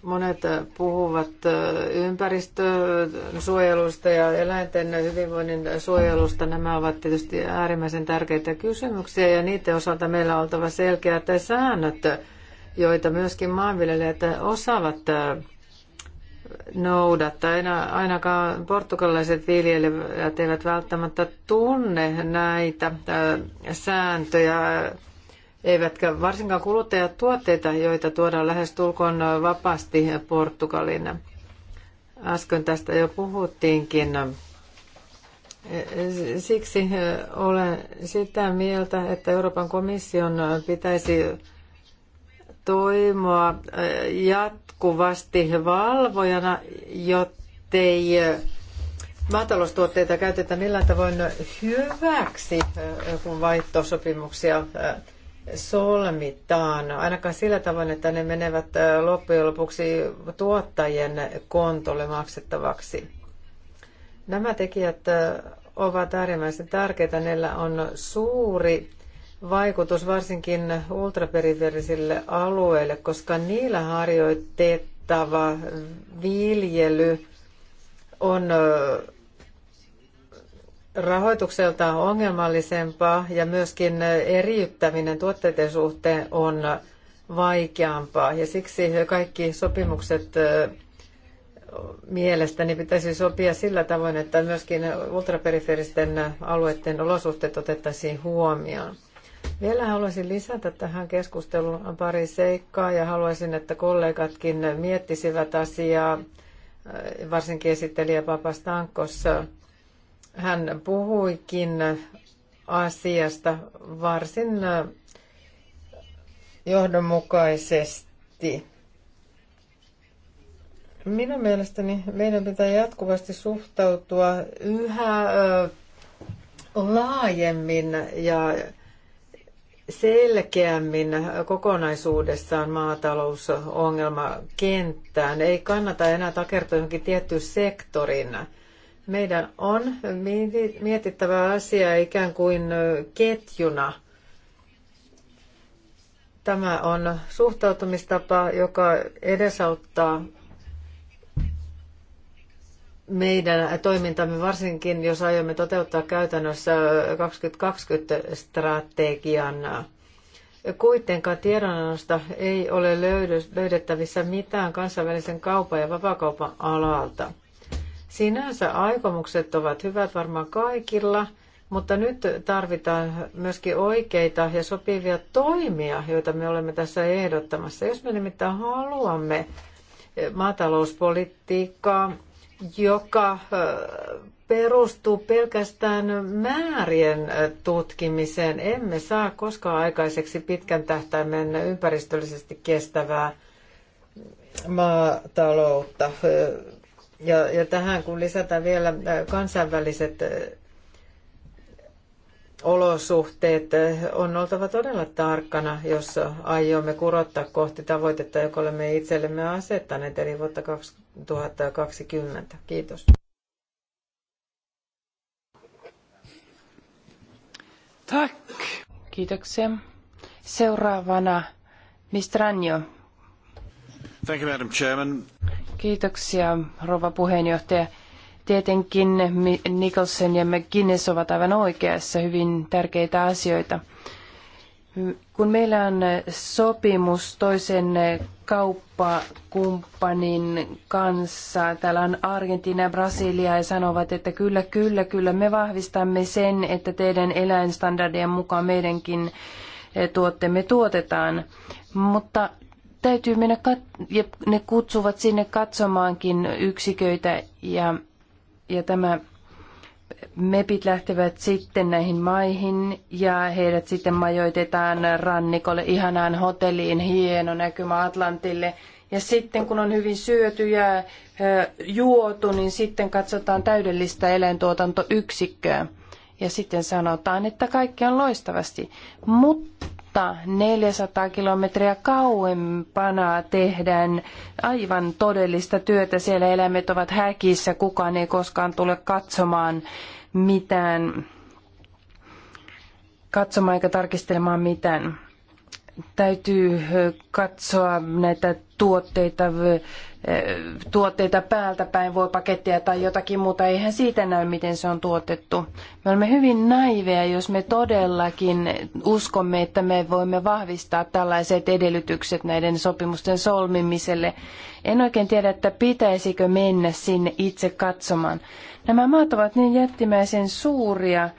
Monet äh, puhuvat äh, ympäristösuojelusta ja eläinten hyvinvoinnin suojelusta. Nämä ovat tietysti äärimmäisen tärkeitä kysymyksiä ja niiden osalta meillä on oltava selkeät säännöt, joita myöskin maanviljelijät osaavat äh, noudattaa. Aina, ainakaan portugalaiset viljelijät eivät välttämättä tunne näitä sääntöjä eivätkä varsinkaan kuluttajatuotteita, joita tuodaan lähes tulkoon vapaasti Portugalin. Äsken tästä jo puhuttiinkin. Siksi olen sitä mieltä, että Euroopan komission pitäisi toimia jatkuvasti valvojana, jottei maataloustuotteita käytetä millään tavoin hyväksi, kun vaihtosopimuksia solmitaan, ainakaan sillä tavoin, että ne menevät loppujen lopuksi tuottajien kontolle maksettavaksi. Nämä tekijät ovat äärimmäisen tärkeitä. Niillä on suuri vaikutus varsinkin ultraperiferisille alueille, koska niillä harjoitettava viljely on rahoitukselta ongelmallisempaa ja myöskin eriyttäminen tuotteiden suhteen on vaikeampaa. Ja siksi kaikki sopimukset mielestäni pitäisi sopia sillä tavoin, että myöskin ultraperiferisten alueiden olosuhteet otettaisiin huomioon. Vielä haluaisin lisätä tähän keskusteluun pari seikkaa ja haluaisin, että kollegatkin miettisivät asiaa, varsinkin esittelijä Papastankos. Hän puhuikin asiasta varsin äh, johdonmukaisesti. Minun mielestäni meidän pitää jatkuvasti suhtautua yhä laajemmin ja selkeämmin kokonaisuudessaan maatalousongelmakenttään. Ei kannata enää takertua johonkin tiettyyn sektorin. Meidän on mietittävä asia ikään kuin ketjuna. Tämä on suhtautumistapa, joka edesauttaa meidän toimintamme, varsinkin jos aiomme toteuttaa käytännössä 2020-strategian. Kuitenkaan tiedonannosta ei ole löydettävissä mitään kansainvälisen kaupan ja vapaakaupan alalta. Sinänsä aikomukset ovat hyvät varmaan kaikilla, mutta nyt tarvitaan myöskin oikeita ja sopivia toimia, joita me olemme tässä ehdottamassa. Jos me nimittäin haluamme maatalouspolitiikkaa, joka perustuu pelkästään määrien tutkimiseen, emme saa koskaan aikaiseksi pitkän tähtäimen ympäristöllisesti kestävää maataloutta. Ja, ja tähän kun lisätään vielä äh, kansainväliset äh, olosuhteet, äh, on oltava todella tarkkana, jos aiomme kurottaa kohti tavoitetta, joka olemme itsellemme asettaneet, eli vuotta 2020. Kiitos. Tack. Kiitoksia. Seuraavana Mistranjo. Thank you, Madam Chairman. Kiitoksia, rouva puheenjohtaja. Tietenkin Nicholson ja McGuinness ovat aivan oikeassa hyvin tärkeitä asioita. Kun meillä on sopimus toisen kauppakumppanin kanssa, täällä on Argentiina ja Brasilia ja sanovat, että kyllä, kyllä, kyllä, me vahvistamme sen, että teidän eläinstandardien mukaan meidänkin tuotteemme tuotetaan. Mutta täytyy mennä, kat- ja ne kutsuvat sinne katsomaankin yksiköitä ja, ja tämä mepit lähtevät sitten näihin maihin ja heidät sitten majoitetaan rannikolle ihanaan hotelliin, hieno näkymä Atlantille. Ja sitten kun on hyvin syöty ja juotu, niin sitten katsotaan täydellistä eläintuotantoyksikköä. Ja sitten sanotaan, että kaikki on loistavasti. Mutta mutta 400 kilometriä kauempana tehdään aivan todellista työtä. Siellä eläimet ovat häkissä, kukaan ei koskaan tule katsomaan mitään, katsomaan eikä tarkistelemaan mitään. Täytyy katsoa näitä tuotteita Eh, tuotteita päältä päin, voi pakettia tai jotakin muuta. Eihän siitä näy, miten se on tuotettu. Me olemme hyvin naiveja, jos me todellakin uskomme, että me voimme vahvistaa tällaiset edellytykset näiden sopimusten solmimiselle. En oikein tiedä, että pitäisikö mennä sinne itse katsomaan. Nämä maat ovat niin jättimäisen suuria,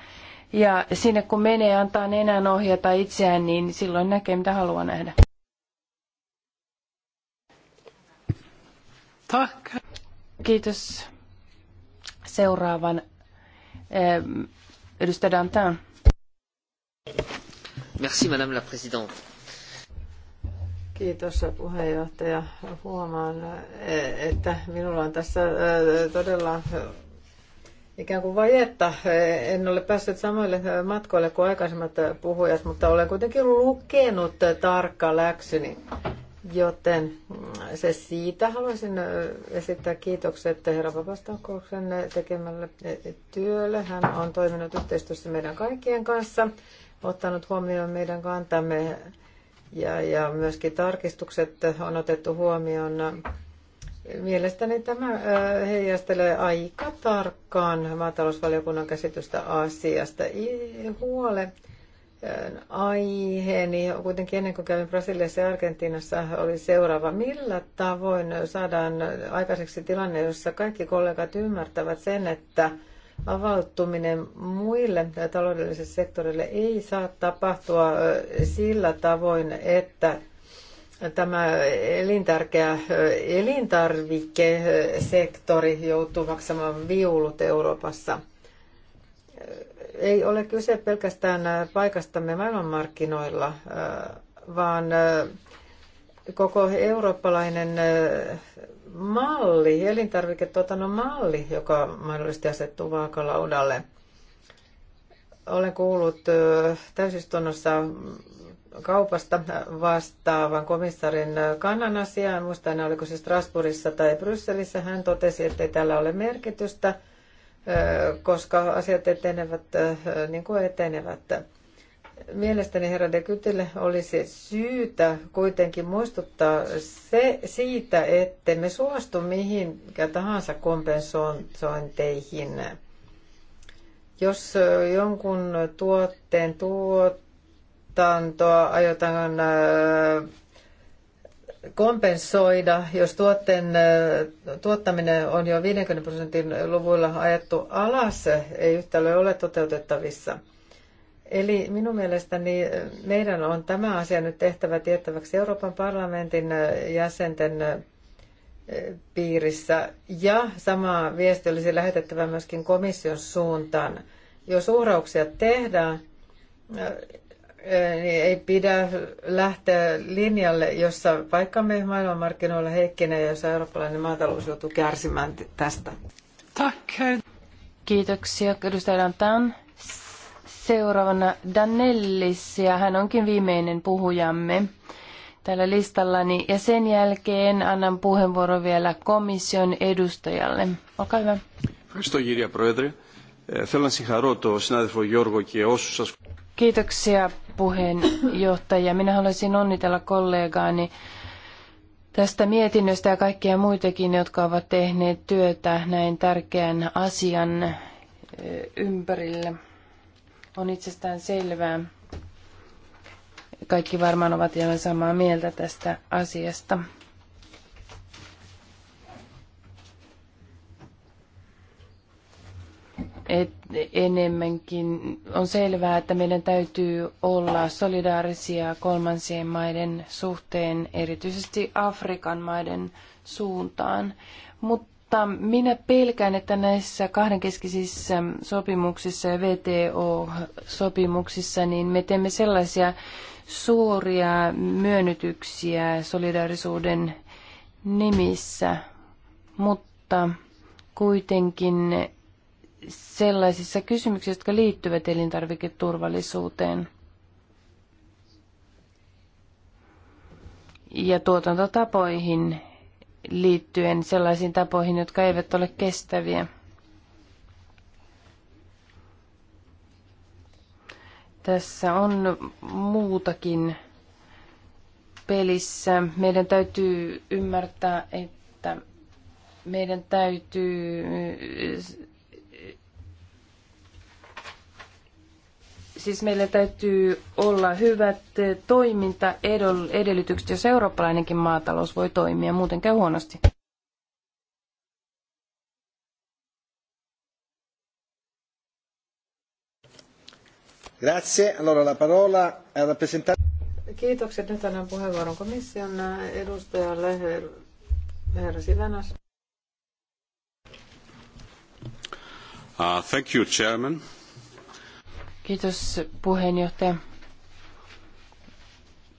ja sinne kun menee antaa nenän ohjata itseään, niin silloin näkee mitä haluaa nähdä. Tack. Kiitos. Seuraavan eh, edustaja Dantin. Merci, madame la présidente. Kiitos puheenjohtaja. Huomaan, että minulla on tässä eh, todella eh, ikään kuin vajetta. En ole päässyt samoille matkoille kuin aikaisemmat puhujat, mutta olen kuitenkin lukenut tarkka läksyni. Joten mm, se siitä haluaisin esittää kiitokset herra Vapastankouksen tekemälle e, e, työlle. Hän on toiminut yhteistyössä meidän kaikkien kanssa, ottanut huomioon meidän kantamme ja, ja myöskin tarkistukset on otettu huomioon. Mielestäni tämä heijastelee aika tarkkaan maatalousvaliokunnan käsitystä asiasta. Huole aiheeni, kuitenkin ennen kuin kävin Brasiliassa ja Argentiinassa, oli seuraava. Millä tavoin saadaan aikaiseksi tilanne, jossa kaikki kollegat ymmärtävät sen, että avautuminen muille taloudellisille sektorille ei saa tapahtua sillä tavoin, että tämä elintärkeä elintarvikesektori joutuu maksamaan viulut Euroopassa ei ole kyse pelkästään paikastamme maailmanmarkkinoilla, äh, vaan äh, koko eurooppalainen äh, malli, elintarviketuotannon malli, joka mahdollisesti asettuu vaakalaudalle. Olen kuullut täysistunnossa kaupasta vastaavan komissarin kannan asiaan. Muistan, oliko se Strasbourgissa tai Brysselissä. Hän totesi, ettei tällä ole merkitystä – koska asiat etenevät niin kuin etenevät. Mielestäni herra de Kytille olisi syytä kuitenkin muistuttaa se siitä, että me suostu mihinkä tahansa kompensointeihin. Jos jonkun tuotteen tuotantoa aiotaan kompensoida, jos tuotteen tuottaminen on jo 50 prosentin luvuilla ajettu alas, ei yhtälö ole toteutettavissa. Eli minun mielestäni meidän on tämä asia nyt tehtävä tiettäväksi Euroopan parlamentin jäsenten piirissä ja sama viesti olisi lähetettävä myöskin komission suuntaan. Jos uhrauksia tehdään, niin ei pidä lähteä linjalle, jossa paikkamme maailmanmarkkinoilla heikkenee ja jossa eurooppalainen maatalous joutuu kärsimään tästä. Tack. Kiitoksia edustaja Dantan. Seuraavana Danellis ja hän onkin viimeinen puhujamme tällä listallani. Niin- ja sen jälkeen annan puheenvuoron vielä komission edustajalle. Olkaa hyvä. Ευχαριστώ κύριε Πρόεδρε. Θέλω να συγχαρώ τον συνάδελφο Γιώργο και όσους σας... Kiitoksia puheenjohtaja. Minä haluaisin onnitella kollegaani tästä mietinnöstä ja kaikkia muitakin, jotka ovat tehneet työtä näin tärkeän asian ympärillä. On itsestään selvää. Kaikki varmaan ovat ihan samaa mieltä tästä asiasta. et enemmänkin on selvää, että meidän täytyy olla solidaarisia kolmansien maiden suhteen, erityisesti Afrikan maiden suuntaan. Mutta minä pelkään, että näissä kahdenkeskisissä sopimuksissa ja VTO-sopimuksissa niin me teemme sellaisia suoria myönnytyksiä solidaarisuuden nimissä, mutta kuitenkin sellaisissa kysymyksissä, jotka liittyvät elintarviketurvallisuuteen ja tuotantotapoihin liittyen sellaisiin tapoihin, jotka eivät ole kestäviä. Tässä on muutakin pelissä. Meidän täytyy ymmärtää, että meidän täytyy Siis meillä täytyy olla hyvät toimintaedellytykset, jos eurooppalainenkin maatalous voi toimia, muuten käy huonosti. Grazie. Allora la parola al rappresentante. Kiitokset. Nyt annan puheenvuoron komission edustajalle, herra Sivenas. Uh, thank you, Chairman. Kiitos puheenjohtaja.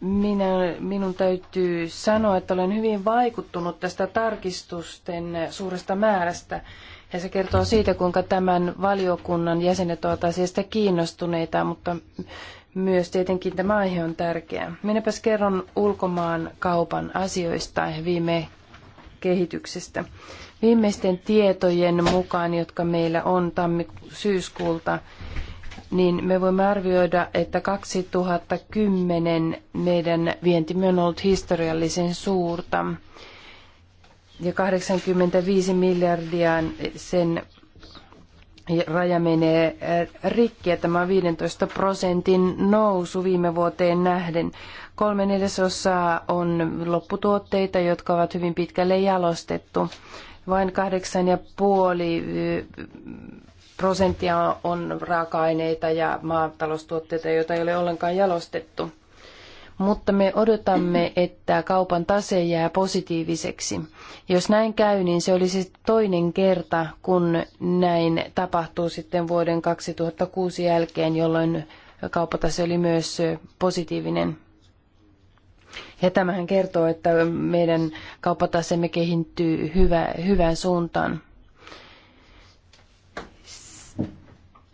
Minä, minun täytyy sanoa, että olen hyvin vaikuttunut tästä tarkistusten suuresta määrästä. Ja se kertoo siitä, kuinka tämän valiokunnan jäsenet ovat asiasta kiinnostuneita, mutta myös tietenkin tämä aihe on tärkeä. Minäpäs kerron ulkomaan kaupan asioista ja viime kehityksestä. Viimeisten tietojen mukaan, jotka meillä on tammi-syyskuulta, niin me voimme arvioida, että 2010 meidän vientimme on ollut historiallisen suurta. Ja 85 miljardia sen raja menee äh, rikki, ja tämä on 15 prosentin nousu viime vuoteen nähden. Kolme neljäsosaa on lopputuotteita, jotka ovat hyvin pitkälle jalostettu. Vain kahdeksan ja puoli äh, prosenttia on raaka-aineita ja maataloustuotteita, joita ei ole ollenkaan jalostettu. Mutta me odotamme, että kaupan tase jää positiiviseksi. Jos näin käy, niin se olisi toinen kerta, kun näin tapahtuu sitten vuoden 2006 jälkeen, jolloin kauppatase oli myös positiivinen. Ja tämähän kertoo, että meidän kauppatasemme kehittyy hyvä, hyvään suuntaan.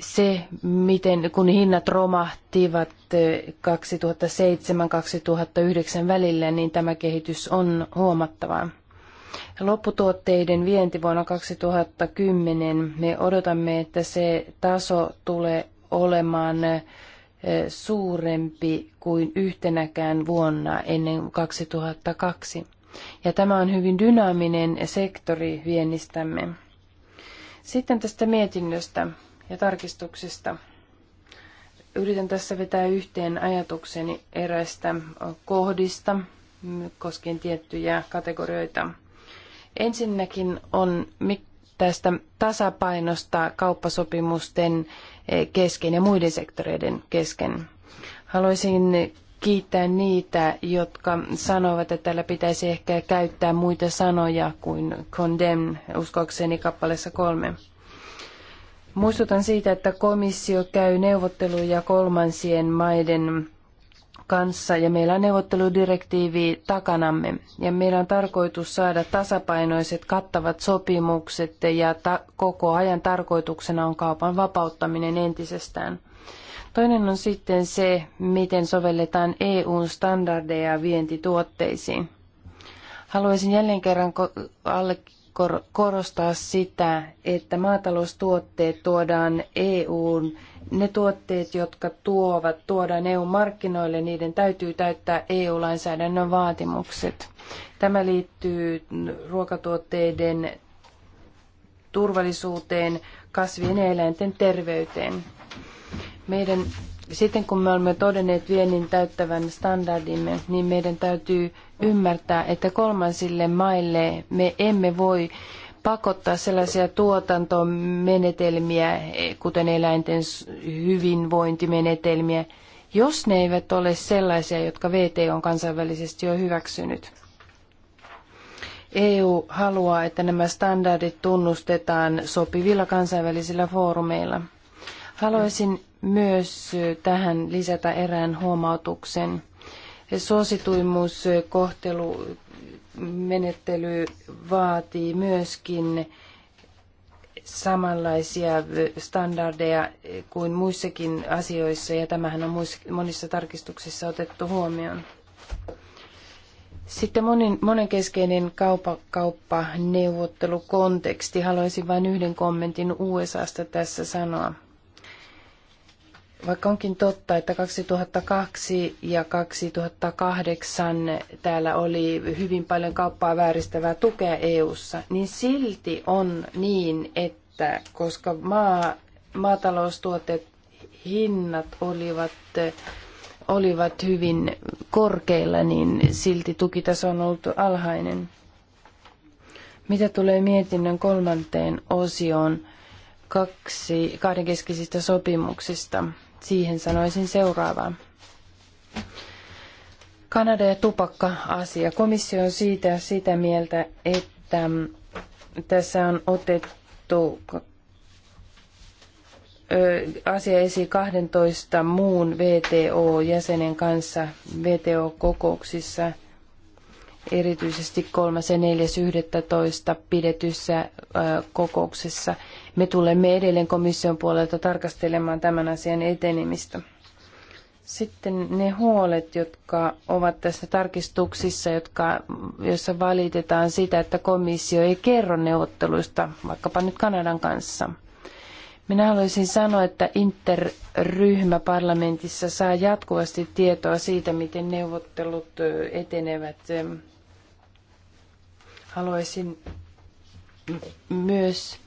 se, miten kun hinnat romahtivat 2007-2009 eh, välillä, niin tämä kehitys on huomattavaa. Lopputuotteiden vienti vuonna 2010, me odotamme, että se taso tulee olemaan eh, suurempi kuin yhtenäkään vuonna ennen 2002. Ja tämä on hyvin dynaaminen sektori viennistämme. Sitten tästä mietinnöstä ja tarkistuksista. Yritän tässä vetää yhteen ajatukseni eräistä kohdista koskien tiettyjä kategorioita. Ensinnäkin on tästä tasapainosta kauppasopimusten eh, kesken ja muiden sektoreiden kesken. Haluaisin kiittää niitä, jotka sanovat, että täällä pitäisi ehkä käyttää muita sanoja kuin condemn, uskoakseni kappaleessa kolme. Muistutan siitä, että komissio käy neuvotteluja kolmansien maiden kanssa ja meillä on neuvotteludirektiivi takanamme ja meillä on tarkoitus saada tasapainoiset kattavat sopimukset ja koko ajan tarkoituksena on kaupan vapauttaminen entisestään. Toinen on sitten se, miten sovelletaan EUn standardeja vientituotteisiin. Haluaisin jälleen kerran alle korostaa sitä, että maataloustuotteet tuodaan EUn, ne tuotteet, jotka tuovat, tuodaan EU-markkinoille, niiden täytyy täyttää EU-lainsäädännön vaatimukset. Tämä liittyy ruokatuotteiden turvallisuuteen, kasvien ja eläinten terveyteen. Meidän sitten kun me olemme todenneet viennin täyttävän standardimme, niin meidän täytyy ymmärtää, että kolmansille maille me emme voi pakottaa sellaisia tuotantomenetelmiä, kuten eläinten hyvinvointimenetelmiä, jos ne eivät ole sellaisia, jotka VT on kansainvälisesti jo hyväksynyt. EU haluaa, että nämä standardit tunnustetaan sopivilla kansainvälisillä foorumeilla. Haluaisin myös tähän lisätä erään huomautuksen. menettely vaatii myöskin samanlaisia standardeja kuin muissakin asioissa, ja tämähän on monissa tarkistuksissa otettu huomioon. Sitten monen, monenkeskeinen kauppa kauppaneuvottelukonteksti. Haluaisin vain yhden kommentin USAsta tässä sanoa. Vaikka onkin totta, että 2002 ja 2008 täällä oli hyvin paljon kauppaa vääristävää tukea EU:ssa, niin silti on niin, että koska maa, maataloustuotteet hinnat olivat, olivat hyvin korkeilla, niin silti tukitaso on ollut alhainen. Mitä tulee mietinnön kolmanteen osioon kaksi kahdenkeskisistä sopimuksista? siihen sanoisin seuraavaa. Kanada ja tupakka-asia. Komissio on siitä sitä mieltä, että tässä on otettu asia esiin 12 muun VTO-jäsenen kanssa VTO-kokouksissa, erityisesti 3. ja 4.11. pidetyssä kokouksessa. Me tulemme edelleen komission puolelta tarkastelemaan tämän asian etenemistä. Sitten ne huolet, jotka ovat tässä tarkistuksissa, jotka, jossa valitetaan sitä, että komissio ei kerro neuvotteluista, vaikkapa nyt Kanadan kanssa. Minä haluaisin sanoa, että interryhmä parlamentissa saa jatkuvasti tietoa siitä, miten neuvottelut etenevät. Haluaisin myös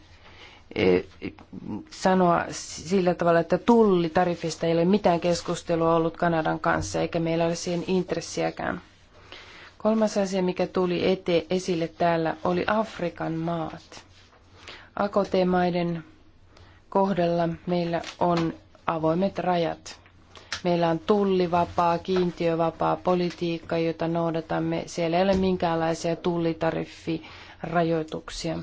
Eh, sanoa sillä tavalla, että tullitarifista ei ole mitään keskustelua ollut Kanadan kanssa, eikä meillä ole siihen intressiäkään. Kolmas asia, mikä tuli ete, esille täällä, oli Afrikan maat. AKT-maiden kohdalla meillä on avoimet rajat. Meillä on tullivapaa, kiintiövapaa politiikka, jota noudatamme. Siellä ei ole minkäänlaisia tullitariffirajoituksia. rajoituksia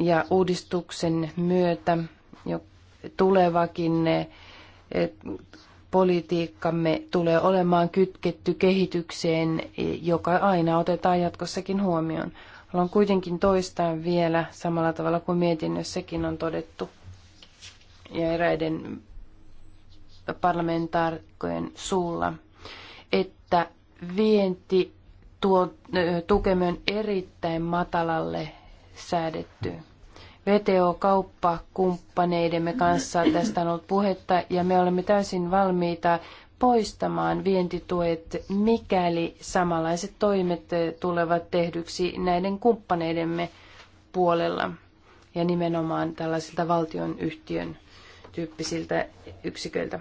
ja uudistuksen myötä jo tulevakin eh, politiikkamme tulee olemaan kytketty kehitykseen, eh, joka aina otetaan jatkossakin huomioon. Haluan kuitenkin toistaa vielä samalla tavalla kuin mietinnössäkin on todettu ja eräiden parlamentaarikkojen suulla, että vienti tuo, eh, tukemme on erittäin matalalle säädetty VTO-kauppakumppaneidemme kanssa. Tästä on ollut puhetta ja me olemme täysin valmiita poistamaan vientituet, mikäli samanlaiset toimet tulevat tehdyksi näiden kumppaneidemme puolella ja nimenomaan tällaisilta valtionyhtiön tyyppisiltä yksiköiltä.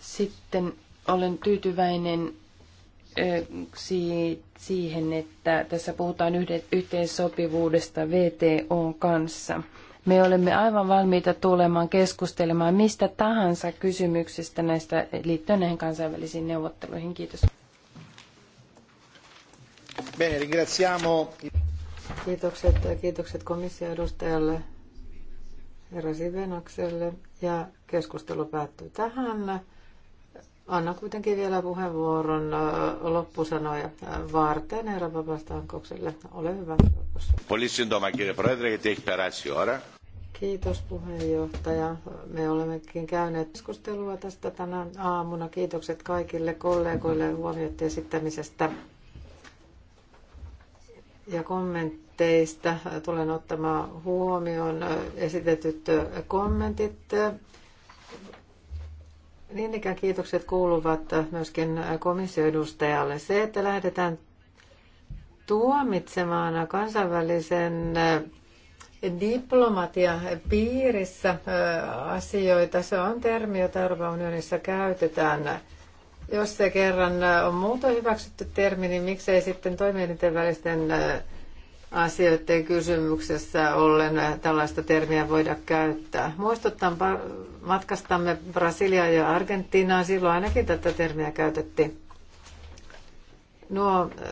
Sitten olen tyytyväinen siihen, että tässä puhutaan yhteensopivuudesta VTO kanssa. Me olemme aivan valmiita tulemaan keskustelemaan mistä tahansa kysymyksistä näistä liittyen näihin kansainvälisiin neuvotteluihin. Kiitos. Bene, ringraziamo. Kiitokset, kiitokset komission edustajalle herra Sivenokselle ja keskustelu päättyy tähän. Anna kuitenkin vielä puheenvuoron loppusanoja varten herra Papastankoukselle. Ole hyvä. Πολύ σύντομα κύριε Kiitos puheenjohtaja. Me olemmekin käyneet keskustelua tästä tänä aamuna. Kiitokset kaikille kollegoille huomioiden esittämisestä ja kommentteista. Tulen ottamaan huomioon esitetyt kommentit niin ikään kiitokset kuuluvat myöskin komissioedustajalle. Se, että lähdetään tuomitsemaan kansainvälisen eh, diplomatia piirissä eh, asioita. Se on termi, jota Euroopan unionissa käytetään. Jos se kerran on muuta hyväksytty termi, niin miksei sitten toimielinten välisten eh, asioiden kysymyksessä ollen tällaista termiä voida käyttää. Muistutan matkastamme Brasiliaan ja Argentiinaan, silloin ainakin tätä termiä käytettiin. Nuo eh,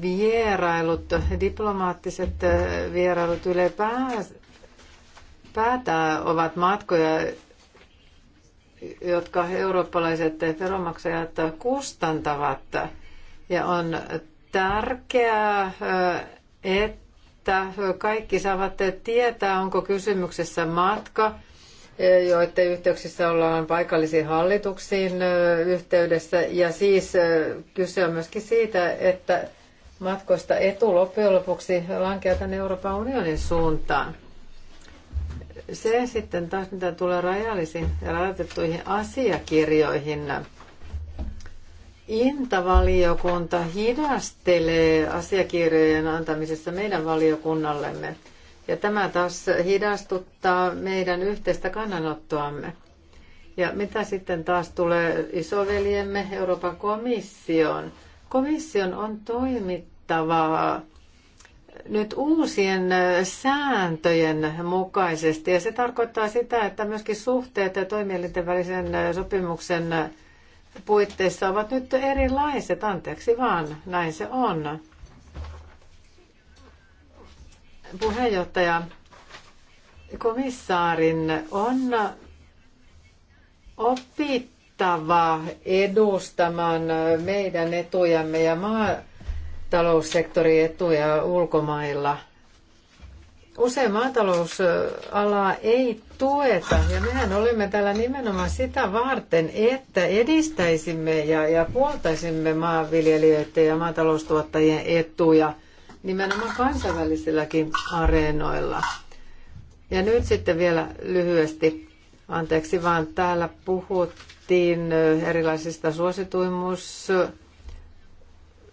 vierailut, diplomaattiset eh, vierailut ylipäätään ovat matkoja, jotka eurooppalaiset veronmaksajat kustantavat. Ja on tärkeää, että kaikki saavat tietää, onko kysymyksessä matka, joiden yhteyksissä ollaan paikallisiin hallituksiin yhteydessä. Ja siis kyse on myöskin siitä, että matkoista etu loppujen lopuksi lankeaa tänne Euroopan unionin suuntaan. Se sitten taas, mitä tulee rajallisiin ja rajoitettuihin asiakirjoihin, Intavaliokunta hidastelee asiakirjojen antamisessa meidän valiokunnallemme. Ja tämä taas hidastuttaa meidän yhteistä kannanottoamme. Ja mitä sitten taas tulee isoveljemme Euroopan komission? Komission on toimittava nyt uusien sääntöjen mukaisesti. Ja se tarkoittaa sitä, että myöskin suhteet toimielinten välisen sopimuksen puitteissa ovat nyt erilaiset, anteeksi vaan, näin se on. Puheenjohtaja, komissaarin on opittava edustamaan meidän etujamme ja maataloussektorin etuja ulkomailla – usein maatalousalaa ei tueta. Ja mehän olemme täällä nimenomaan sitä varten, että edistäisimme ja, ja puoltaisimme maanviljelijöiden ja maataloustuottajien etuja nimenomaan kansainvälisilläkin areenoilla. Ja nyt sitten vielä lyhyesti, anteeksi vaan täällä puhuttiin erilaisista suosituimmuus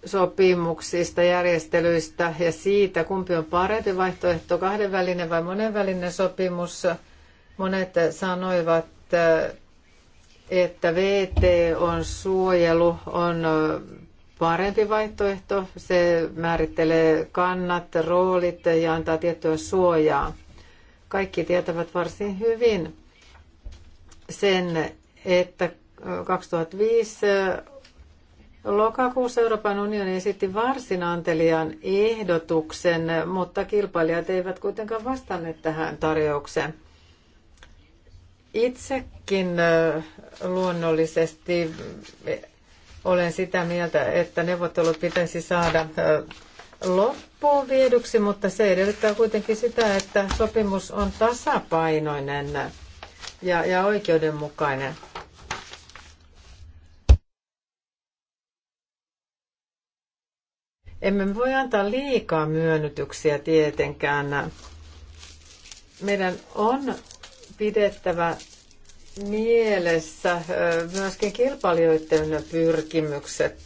sopimuksista, järjestelyistä ja siitä, kumpi on parempi vaihtoehto, kahdenvälinen vai monenvälinen sopimus. Monet sanoivat, että VT on suojelu on parempi vaihtoehto. Se määrittelee kannat, roolit ja antaa tiettyä suojaa. Kaikki tietävät varsin hyvin sen, että 2005 Lokakuussa Euroopan unioni esitti varsin anteliaan ehdotuksen, mutta kilpailijat eivät kuitenkaan vastanneet tähän tarjoukseen. Itsekin luonnollisesti olen sitä mieltä, että neuvottelut pitäisi saada loppuun viedyksi, mutta se edellyttää kuitenkin sitä, että sopimus on tasapainoinen ja, ja oikeudenmukainen. Emme voi antaa liikaa myönnytyksiä tietenkään. Meidän on pidettävä mielessä myöskin kilpailijoiden pyrkimykset.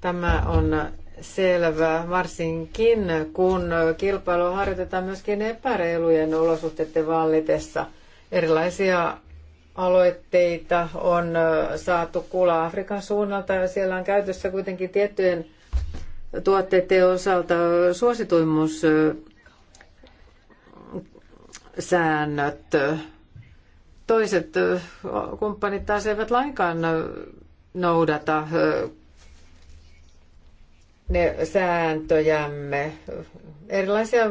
Tämä on selvää, varsinkin kun kilpailu harjoitetaan myöskin epäreilujen olosuhteiden vallitessa. Erilaisia aloitteita on saatu kuulla Afrikan suunnalta ja siellä on käytössä kuitenkin tiettyjen tuotteiden osalta suosituimmuussäännöt. Toiset kumppanit taas eivät lainkaan noudata ne sääntöjämme. Erilaisia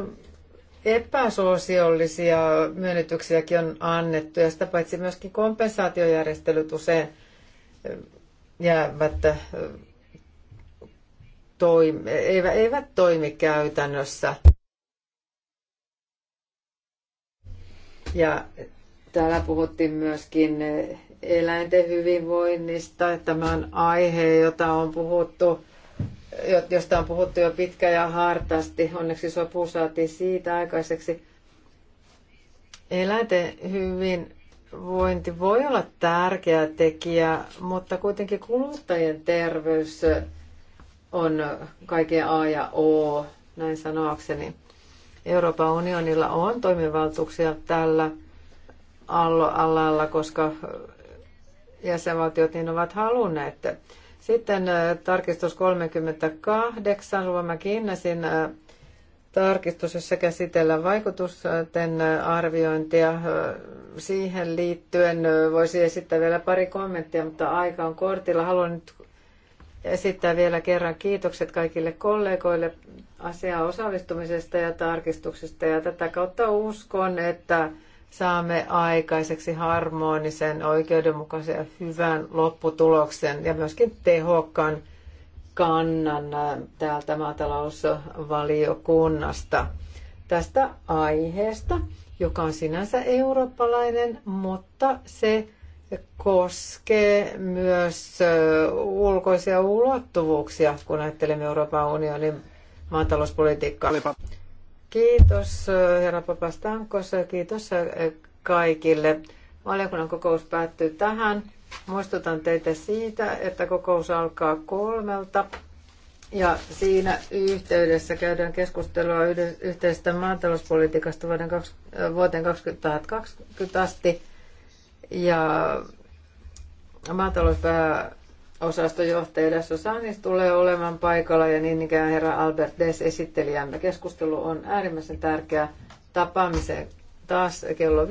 epäsuosiollisia myönnytyksiäkin on annettu ja sitä paitsi myöskin kompensaatiojärjestelyt usein jäävät toimi, eivät toimi käytännössä. Ja täällä puhuttiin myöskin eläinten hyvinvoinnista. Tämä on aihe, jota on puhuttu, josta on puhuttu jo pitkä ja hartaasti. Onneksi sopu saatiin siitä aikaiseksi. Eläinten hyvinvointi voi olla tärkeä tekijä, mutta kuitenkin kuluttajien terveys on kaiken A ja O, näin sanoakseni. Euroopan unionilla on toimivaltuuksia tällä alalla, koska jäsenvaltiot niin ovat halunneet. Sitten tarkistus 38, Luva kiinnäsin tarkistus, jossa käsitellään vaikutusten arviointia. Siihen liittyen voisi esittää vielä pari kommenttia, mutta aika on kortilla. Haluan nyt esittää vielä kerran kiitokset kaikille kollegoille asiaa osallistumisesta ja tarkistuksesta. Ja tätä kautta uskon, että saamme aikaiseksi harmonisen, oikeudenmukaisen ja hyvän lopputuloksen ja myöskin tehokkaan kannan äh, täältä maatalousvaliokunnasta tästä aiheesta, joka on sinänsä eurooppalainen, mutta se koskee myös ulkoisia ulottuvuuksia, kun ajattelemme Euroopan unionin maatalouspolitiikkaa. Kiitos herra Papastankos, kiitos kaikille. Valiokunnan kokous päättyy tähän. Muistutan teitä siitä, että kokous alkaa kolmelta ja siinä yhteydessä käydään keskustelua yhteisestä maatalouspolitiikasta vuoden vuoteen 2020 asti. Ja maatalouspääosastojohtaja Sanis tulee olemaan paikalla ja niin ikään herra Albert Des esittelijämme. Keskustelu on äärimmäisen tärkeä tapaamiseen taas kello